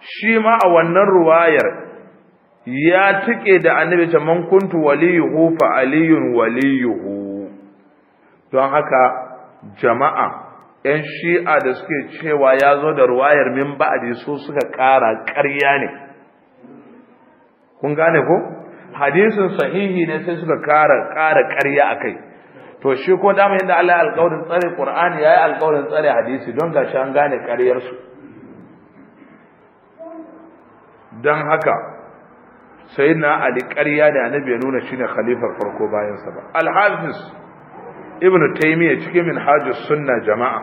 shi ma a wannan ruwayar ya tike da annabi ta man kuntu waliyuhu fa aliyun waliyuhu don haka jama'a ‘yan shi'a da suke cewa ya zo da ruwayar min ba'adi so suka ƙara ƙarya ne kun gane ko hadisin sahihi ne sai suka ƙara ƙara ƙarya a kai to shi ko dama yadda Allah ya alƙawarin tsare Qur'ani ya yi alƙawarin tsare hadisi don gashi an gane ƙaryarsu don haka sayyidina ali ƙarya da annabi ya nuna shine khalifar farko bayan sa ba al-hafiz ibnu taymiya cikin minhajus sunna jama'a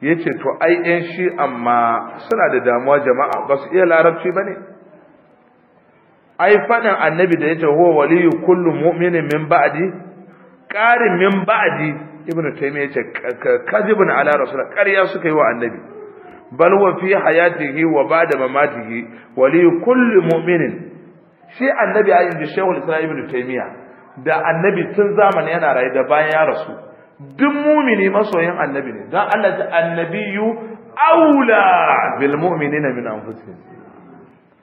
yace to ai ɗan shi amma suna da damuwa jama'a ba su iya larabci ba ne? ai faɗin annabi da yace huwa waliyu kullu mu'minin min ba'di ƙarin min ba'di ibnu taymiya yace kadibun ala rasul ƙarya suka yi wa annabi bal wa fi hayatihi wa ba'da mamatihi wa li kulli mu'minin shi annabi ayin da shehu islam ibn taymiya da annabi tun zamani yana rayu da bayan ya rasu duk mumini masoyin annabi ne Don Allah ta annabiyu aula bil mu'minina min anfusihim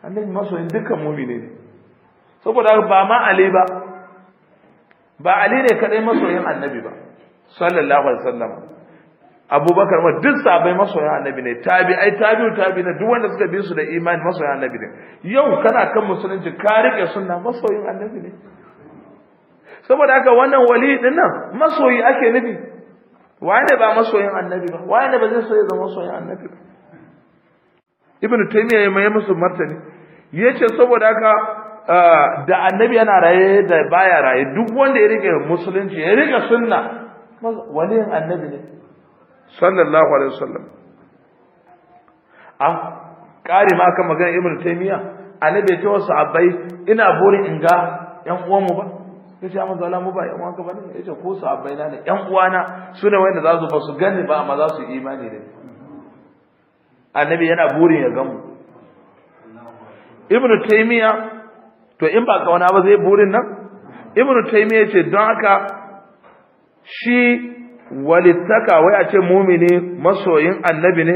annabi masoyin dukkan mumini ne saboda ba ma ali ba ba ali ne kadai masoyin annabi ba sallallahu alaihi wasallam abubakar ma duk sabai masoya annabi ne tabi ai tabi tabi na duk wanda suka bi su da imani masoya annabi ne yau kana kan musulunci ka rike sunna masoyin annabi ne saboda haka wannan wali din nan masoyi ake nufi waye ne ba masoyin annabi ba waye ne ba zai so ya zama masoyin annabi ba ibnu taymiya ya mai musu martani yace saboda haka ah, da annabi yana raye da baya raye duk wanda ya rike musulunci ya rike sunna waliyin annabi ne sallallahu alaihi wasallam Ah kare ma kan magana ibnu taymiya annabi ya ce wasu abai ina burin in ga yan uwan mu ba yace amma ah, zalla mu ba yan uwanka ba ne yace ko sahabbai na ne yan uwana su ne wanda za su ba su gani ba amma za su imani ne annabi yana burin ya mu ibnu taymiya to in ba kauna ba zai burin nan ibnu taymiya yace don haka shi walittaka wai a ce mumini masoyin annabi ne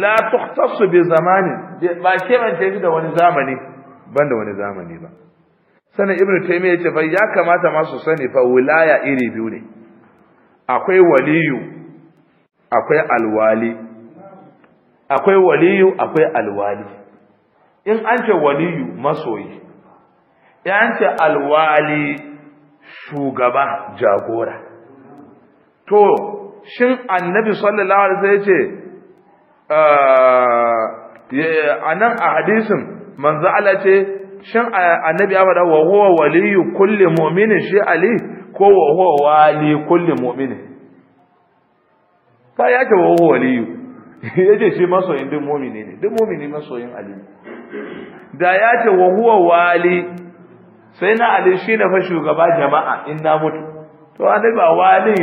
la tuhtassu bi zamani ba ke kebance shi da wani zamani banda wani zamani ba sanan ibnu taymiya yace bai ya kamata ma su sani fa wilaya iri biyu ne akwai waliyu akwai alwali akwai waliyu akwai alwali in an ce waliyu masoyi in an ce alwali shugaba jagora to shin annabi sallallahu alaihi wasallam yace ah, a nan a hadisin manzo Allah ce shin annabi ya faɗa wa huwa waliyu kulli mu'minin shi ali ko wa huwa wali kulli mu'minin ka yake wa huwa waliyu yace shi masoyin duk mu'mini ne duk mu'mini masoyin ali da ya ce wa huwa wali sai na ali shi na fa shugaba jama'a in na mutu to annabi ba wali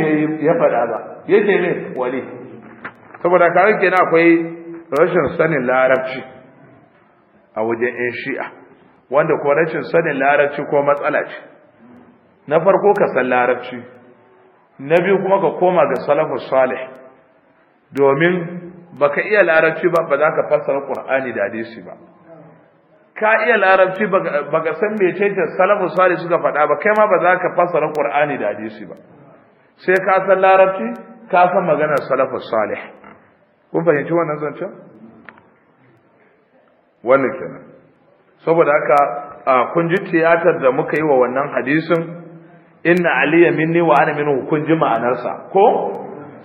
ya faɗa ba yace ne wali saboda kare kenan akwai rashin sanin larabci a wajen yan shi'a wanda ko rashin sanin larabci ko matsala ce na farko ka san larabci na biyu kuma ka koma ga salafus salih domin baka iya larabci ba ba za ka fassara qur'ani da hadisi ba ka iya larabci baka san mecece salafu salih suka faɗa ba kai ma ba za ka fassara qur'ani da hadisi ba sai ka san larabci ka san maganar salafu salih kun fahimci wannan zancen wannan kenan saboda haka kun ji tiyatar da muka yi wa wannan hadisin inna aliya minni wa ana minhu kun ji ma'anarsa ko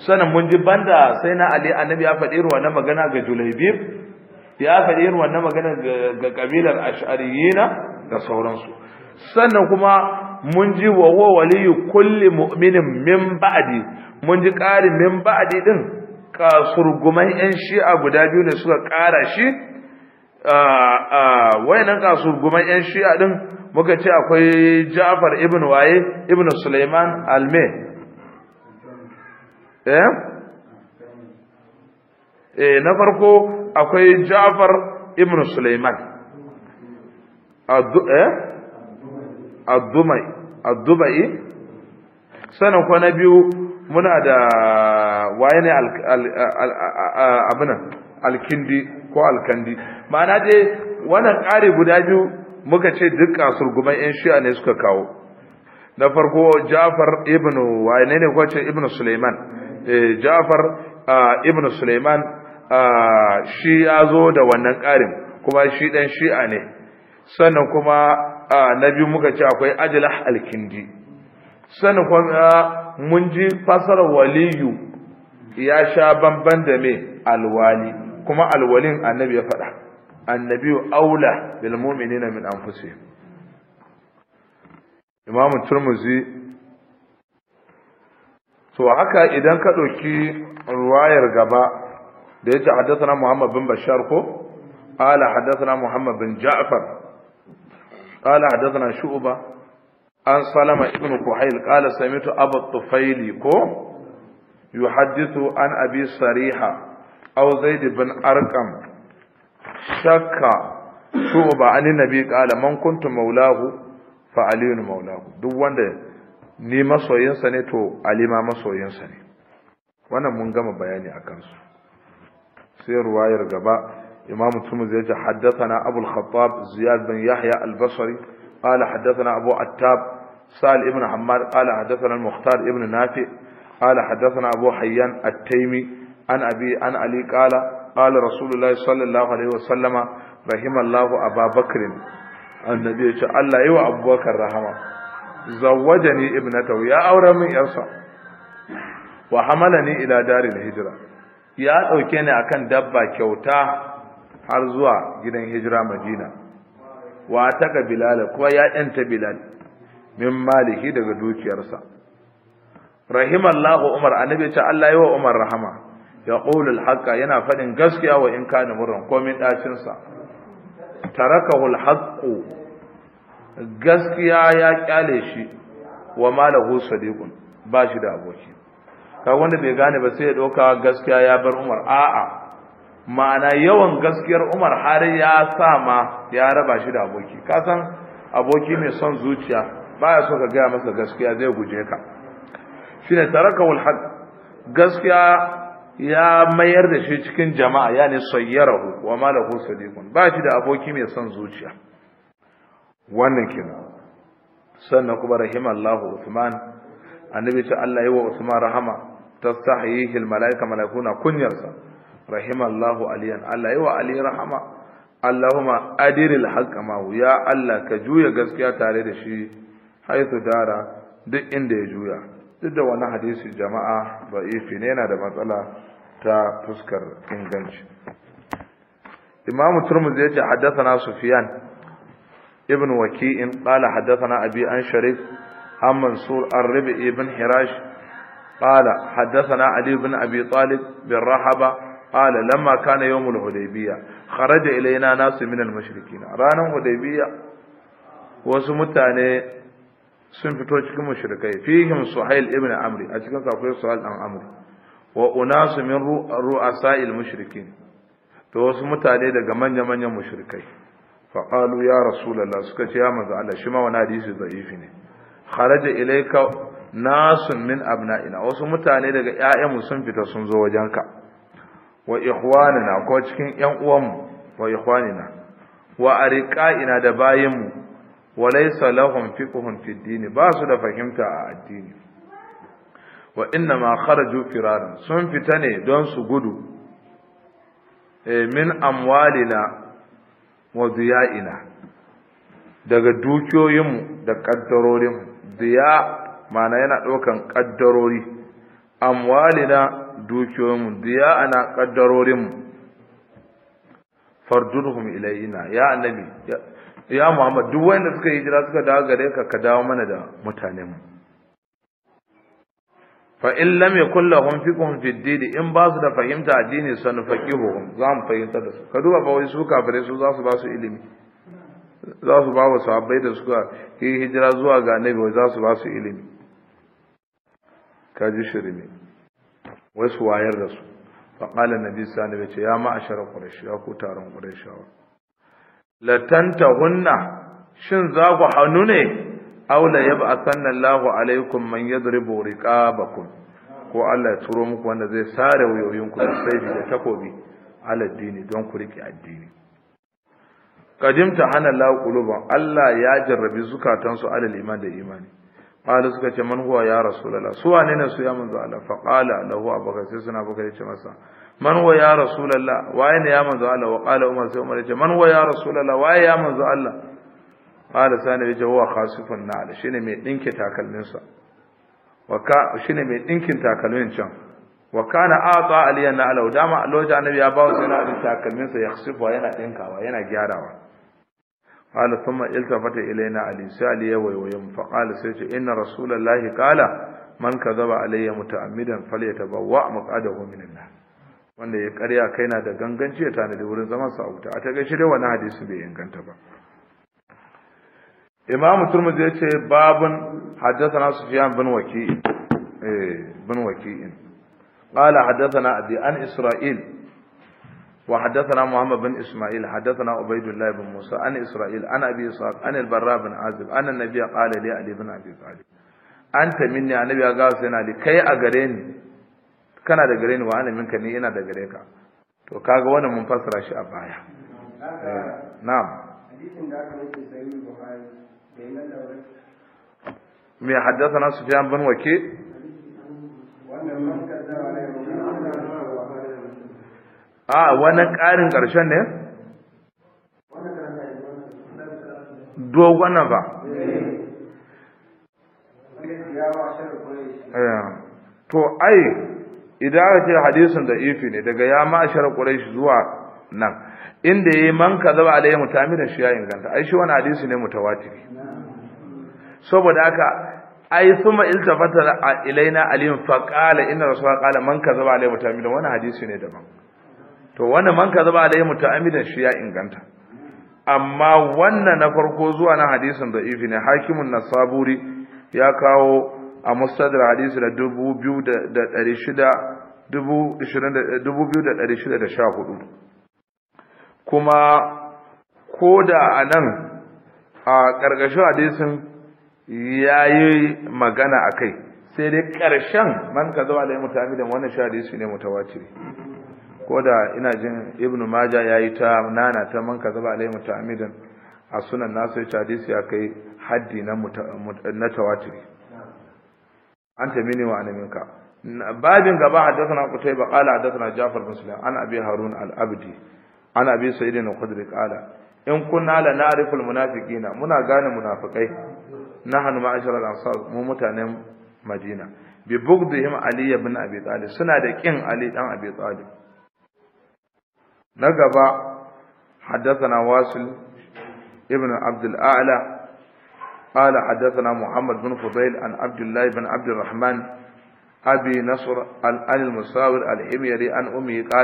sanan mun ji banda sai na ali annabi ya faɗi ruwa na magana ga julaibib ya faɗi yi wannan magana ga kabilar ash'ariyina da sauransu sannan kuma mun ji wa huwa waliyu kulli mu'minin min ba'di mun ji ƙarin min ba'di din kasurguman yan shi'a guda biyu ne suka ƙara shi wayannan kasurguman yan shi'a din muka ce akwai Ja'far ibn Waye ibn Sulaiman Alme eh? eh na farko akwai Ja'far ibn Sulaiman eh? Ad-Dumai Ad-Dubai ko na biyu muna da waye ne abinan alkindi ko alkandi ma'ana dai wannan ƙari guda biyu muka ce duk kasurguman 'yan shi'a ne suka kawo na farko Ja'far ibn waye ne ko ce ibn Sulaiman eh, Ja'far ah, ibn Sulaiman shi ya zo da wannan ƙarin kuma shi ɗan shi'a ne sannan kuma na biyu muka ce akwai ajilah alkindi sannan kuma mun ji fasarar waliyu ya sha bamban da me alwali kuma alwalin annabi ya faɗa annabi aula bil mu'minina min anfusihim imamu turmuzi to haka idan ka ɗauki ruwayar gaba da yace haddathana Muhammad bin Bashar ko qala haddathana Muhammad bin Ja'far qala haddathana Shu'ba an Salama ibn Kuhail qala sami'tu Abu Tufaili ko yuhaddithu an Abi Sariha aw Zaid bin Arqam shakka Shu'ba an Nabi qala man kuntu maulahu fa Aliyun maulahu duk wanda ni masoyinsa ne to alima masoyinsa ne wannan mun gama bayani akan su sai ruwayar gaba imamu tumus ya ce haddathana abul khattab ziyad bin yahya al-basri qala haddathana abu attab sal ibn hammad qala haddathana al-mukhtar ibn nafi qala haddathana abu hayyan at-taymi an abi an ali qala qala rasulullahi sallallahu alaihi wasallama rahimallahu ababakr annabi ya ce Allah yi wa abubakar rahama zawwajani ibnatahu ya aure min yarsa wa hamalani ila daril hijra ya ɗauke ni akan dabba kyauta har zuwa gidan hijira madina wa ta ka bilal kuwa ya ɗanta bilal min maliki daga dukiyarsa rahimallahu umar annabi ce Allah yi wa umar rahama ya qulul haqqa yana faɗin gaskiya wa in kana murran min dacin sa tarakahu alhaqqu gaskiya ya kyale shi wa malahu sadiqun ba shi da aboki ka wanda bai gane ba sai ya ɗauka gaskiya ya bar umar a'a ma'ana yawan gaskiyar umar har ya sa ma ya raba shi da aboki ka san aboki mai son zuciya baya so ka gaya masa gaskiya zai guje ka shine taraka wal haq gaskiya ya mayar da shi cikin jama'a yani sayyarahu wa ma lahu sadiqun ba shi da aboki mai son zuciya wannan kenan sannan kuma rahimallahu Usman annabi ta Allah yi wa Usman rahama tastahihi almalaika malakuna kunyarsa rahimallahu aliyan Allah yawa ali rahama Allahumma adiril haqqa ma ya Allah ka juya gaskiya tare da shi haithu dara duk inda ya juya duk da wani hadisi jama'a da'ifi ne yana da matsala ta fuskar inganci Imam Turmudi yace haddathana Sufyan ibn Waki'in qala haddathana Abi an Sharif an Mansur ar-Rabi ibn Hirash قال حدثنا علي بن أبي طالب بالرحبة قال لما كان يوم الهديبية خرج إلينا ناس من المشركين رانا Wasu mutane sun fito cikin mushrikai fihim suhail ibn amri a cikin akwai suhail dan amri wa unasu min ru'asa'il mushrikin to wasu mutane daga manya manyan mushrikai fa qalu ya rasulullah suka ce ya manzo Allah shi ma wani hadisi da'ifi ne kharaja ilayka nasun min abna'ina wasu mutane daga ƴaƴanmu sun fita sun zo wajenka wa ikhwanina ko cikin ƴan uwanmu wa ikhwanina wa ariqa'ina da bayinmu wa laysa lahum fiqhun fi dini ba su da fahimta a addini wa inna ma kharaju firaran sun fita ne don su gudu eh, min amwalina wa diya'ina daga dukiyoyinmu da kaddarorinmu diya ma'ana yana ɗaukan ƙaddarori amwalina dukiyoyinmu diya ana ƙaddarorinmu fardurhum ilayina ya annabi ya muhammad duk wanda suka yi hijira suka dawo gare ka ka dawo mana da mutanenmu fa in lam yakul lahum fiqhun fi ddin in ba su da fahimta addini sun faqihu za mu fahimta da su ka duba ba wai su kafire su za su ba su ilimi za su ba wa sahabbai da suka hijira zuwa ga annabi za su ba su ilimi Ka ji shirme wai su wayar da su fa qala nabi sani alaihi ya ma'ashar quraish ya ku taron quraishawa latanta hunna shin za ku hannu ne aw la yab'athanna Allahu alaikum man yadribu riqabakum ko Allah ya turo muku wanda zai sare wayoyinku da saifi da takobi ala dini don ku rike addini kadimta hana la quluban Allah ya jarrabi zukatansu alal iman da imani قال suka ce man huwa ya rasulullah su wane ne su ya manzo Allah fa qala lahu abubakar sai suna bakar ce masa man huwa ya rasulullah waye ne ya manzo Allah wa qala umar sai umar ya ce man huwa ya rasulullah waye ya manzo Allah qala sani ya ce huwa khasifun na'al shine mai dinke takalmin sa wa ka shine mai dinkin takalmin can wa kana ata aliyan na'al dama lokacin annabi ya ba sai na takalmin sa yakhsifu yana dinkawa yana gyarawa qala thumma iltafata ilaina ali sai ali ya waiwaye mu fa qala sai ce inna rasulullahi qala man kadhaba alayya muta'ammidan falyatabawwa maq'adahu min an wanda ya karya kai na da ganganci ya tanadi wurin zaman sa a a ta gaishe dai wani hadisi bai inganta ba imamu zai ce babun حدثنا سفيان بن وكيع إيه بن وكيع an Isra'il. wa haddathana muhammad bin ismail haddathana ubaydullah bin musa an isra'il an abi sa'ad an al bin azib an an-nabi ali bin abi talib anta minni anabi ga sai na li kai a gare ni kana da gare ni wa alamin ka ni ina da gare ka to kaga wannan mun fassara shi a baya eh, na'am hadithin da aka yi sai bukhari a wani ƙarin ƙarshen ne dogon ba to ai idan aka ce hadisin da ifi ne daga ya ma'ashar ƙurashi zuwa nan inda ya yayi man kazaba mutami da shi ya inganta ai shi wani hadisi ne mutawatiri saboda haka ai thumma iltafata ilaina alim fa qala inna rasulullah qala man kazaba alaihi mutamidan wani hadisi ne daban to wannan man ka kazaba alaihi mutaamidan shi ya inganta amma wannan na farko zuwa na hadisin da ifi ne hakimun nasaburi ya kawo a mustadar hadisi da dubu biyu da ɗari shida dubu biyu da ɗari shida da sha hudu kuma ko da a nan a ƙarƙashin hadisin ya yi magana a kai sai dai ƙarshen man ka zama alaihi muta'amidan wannan sha hadisi ne mutawatir. koda ina jin ibnu maja yayi ta nana ta manka zaba alai mutamidan a sunan nasu ya hadisi ya kai haddi na na tawatiri an mini wa babin gaba kutai ba qala na jafar bin sulaiman an abi harun al abdi an abi sayyidin qudri qala in kunna la na'rifu al munafiqina muna gane munafikai nahnu ma'ashara al ansar mu mutanen madina bi bugdihim ali ibn abi talib suna da kin ali dan abi talib na gaba haddathana wasil ibn abd al-a'la qala muhammad bin fudail an abdullah ibn abd al-rahman abi nasr al-an al-musawir al an ummi da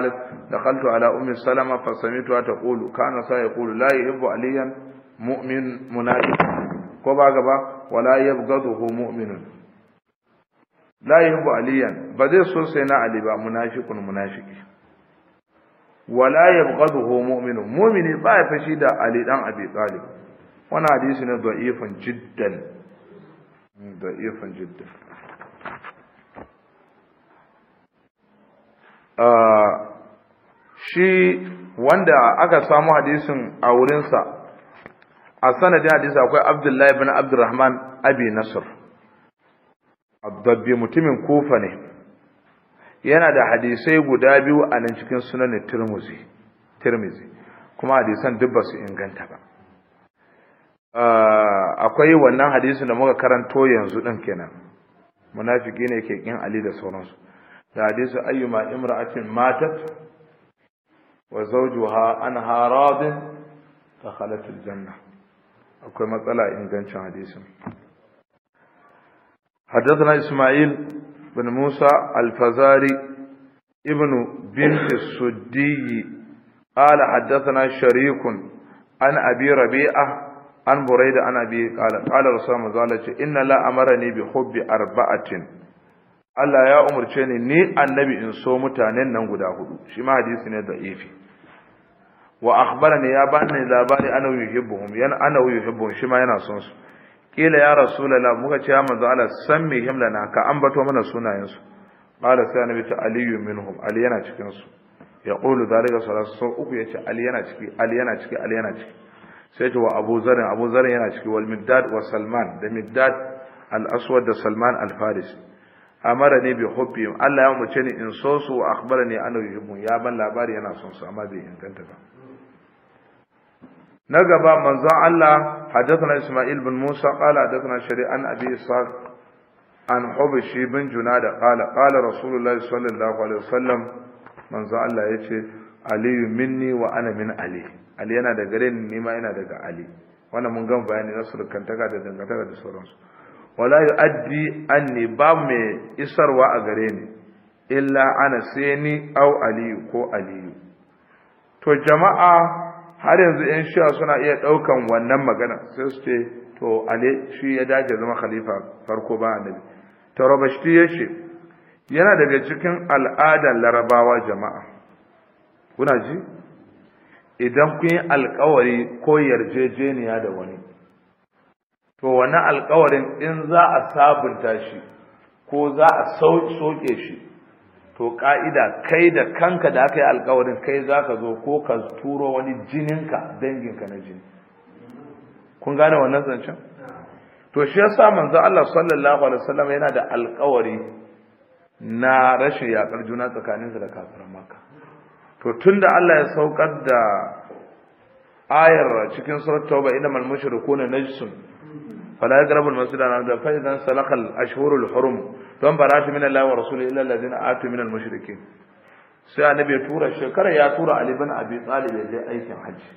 daqaltu ala ummi salama fa samitu wa taqulu kana sa yaqulu la yuhibbu mu'min munafiq ko ba gaba wala yabghaduhu mu'min la yuhibbu aliyan ba zai so na ali ba munafiqun wala yabghaduhu mu'minun mu'mini ba ya fashi da ali dan abi talib wannan hadisi ne da'ifan jiddan da'ifan jiddan ah, shi wanda aka samu hadisin a wurinsa a sanadin hadisi akwai abdullahi ibn abdurrahman abi nasr abdabbi mutumin kufa ne yana da hadisai guda biyu a nan cikin sunanin tirmizi kuma hadisan duk ba su inganta ba ah, akwai wannan hadisin da muka karanto yanzu ɗin kenan munafiki ne ke kin ali da sauransu da hadisu ayyuma imra'atin matat wa zawjuha anha radin dakhalat janna akwai matsala ingancin hadisin حدثنا Isma'il. بن موسى الفزاري ابن بنت السدي قال حدثنا شريك عن أبي ربيعة عن بريدة عن أبي قال قال رسول الله قال لا أمرني بحب أربعة Allah ya umarce ni ni annabi in so mutanen nan guda hudu shi ma hadisi ne da'ifi wa akhbarani ya bani labari ana yuhibbuhum yana ana yuhibbuhum shi ma yana son su kila ya rasulullah muka ce ya manzo Allah san me himlana ka ambato mana sunayen su qala sai annabi ta aliyu minhum ali yana cikin su qulu zalika salatu sau uku yace ali yana ciki ali yana ciki ali yana ciki sai ta wa abu zarin abu zarin yana ciki wal middad wa salman da middad al aswad da salman al faris amara ne bi hubbi Allah ya ce ni in so su wa akhbarani annahu yuhibbu ya ban labari yana son su amma bai inganta ba na gaba manzon Allah hadathana Isma'il bin Musa qala hadathana Shari'an Abi Ishaq an Hubashi bin Junada da qala Rasulullah sallallahu alaihi wasallam manzon Allah yace Ali minni wa ana min Ali Ali yana da gare ni ni ma daga Ali wannan mun gan bayani na surukantaka taga da dangantaka da sauransu wala yu'addi anni ba me isarwa a gare ni illa ana sai ni aw Ali ko Ali to jama'a har yanzu yan shi'a suna iya ɗaukan wannan magana sai su ce to ali shi ya dace zama khalifa farko ba annabi tarabashti ya ce yana daga cikin al'adar larabawa jama'a kuna ji idan kun yi alkawari ko yarjejeniya da wani to wannan alkawarin in za a sabunta shi ko za a soke shi to ka'ida kai da kanka da aka yi alkawarin kai za ka zo ko ka turo wani jininka danginka na jini kun gane wannan zancen to shi yasa manzo Allah sallallahu alaihi wasallam yana da alkawari na rashin yakar juna tsakaninsa da kafiran maka. to tunda Allah ya saukar da ayar cikin surat tauba innamal mushrikuuna najsun فلا يقربوا المسجد عن عمد فإذا انسلخ الأشهر الحرم فانبرأت من الله ورسوله إلا الذين آتوا من المشركين sai annabi ya tura shekara ya tura Ali bin Abi Talib ya aikin hajji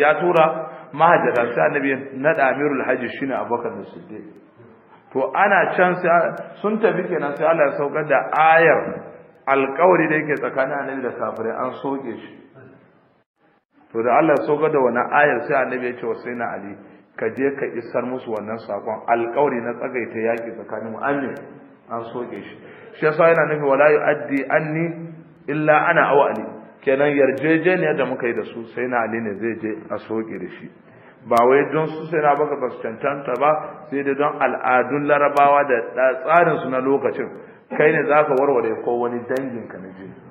ya tura mahajjata sai annabi ya nada Amirul Hajji shine Abubakar Siddiq to ana can sun tafi kenan sai Allah ya saukar da ayar alƙawari da yake tsakanin annabi da kafirai an soke shi to da Allah ya saukar da wani ayar sai annabi ya ce Ali ka je ka isar musu wannan sakon alƙawari na tsagaita yaƙi tsakanin mu amin an soke shi shi yasa yana nufin wala yu'addi anni illa ana aw ali kenan yarjejeniya da muka yi da su sai na ali ne zai je a soke da shi ba wai don su sai na baka ba cancanta ba sai dai don al'adun larabawa da tsarin su na lokacin kai ne za ka warware ko wani dangin ka na Yusuf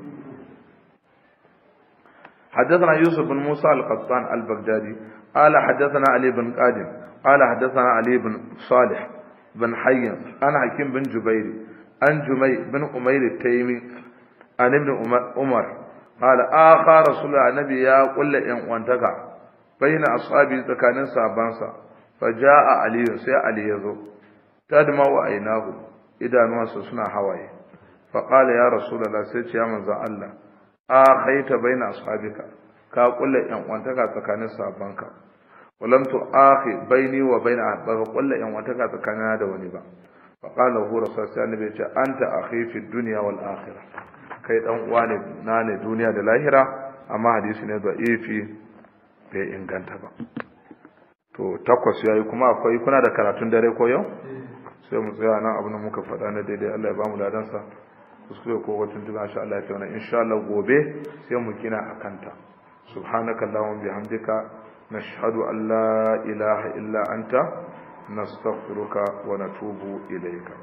حدثنا يوسف بن موسى القطان البغدادي قال حدثنا علي بن قادم قال حدثنا علي بن صالح بن حي عن حكيم بن جبير عن جمي بن أمير التيمي عن ابن عمر قال آخى رسول الله النبي يا قل إن وانتقع بين أصحابي تكان سابانسا فجاء علي سي علي يزو تدمع عيناه إذا نواس سنا حواي فقال يا رسول الله سيتي يا من الله آخيت بين أصحابك ka kulla yan ka tsakanin sabonka. walam tu akhi baini wa baina ba ka kulla yan ka tsakanin da wani ba fa qala hu rasul sallallahu alaihi wasallam anta akhi fi dunya wal akhirah kai dan uwa ne na ne duniya da lahira amma hadisi ne da'ifi bai inganta ba to takwas yayi kuma akwai kuna da karatun dare ko yau sai mu tsaya nan abin da muka faɗa na daidai Allah ya ladan sa kuskure ko wata tuna insha Allah ya tauna insha Allah gobe sai mu gina akanta subhanaka allahumma bihamdika nashhadu an la ilaha illa anta nastaghfiruka wa natubu ilayka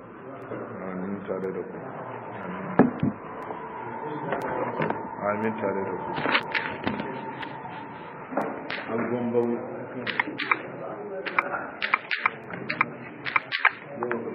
amin tare da ku amin tare da ku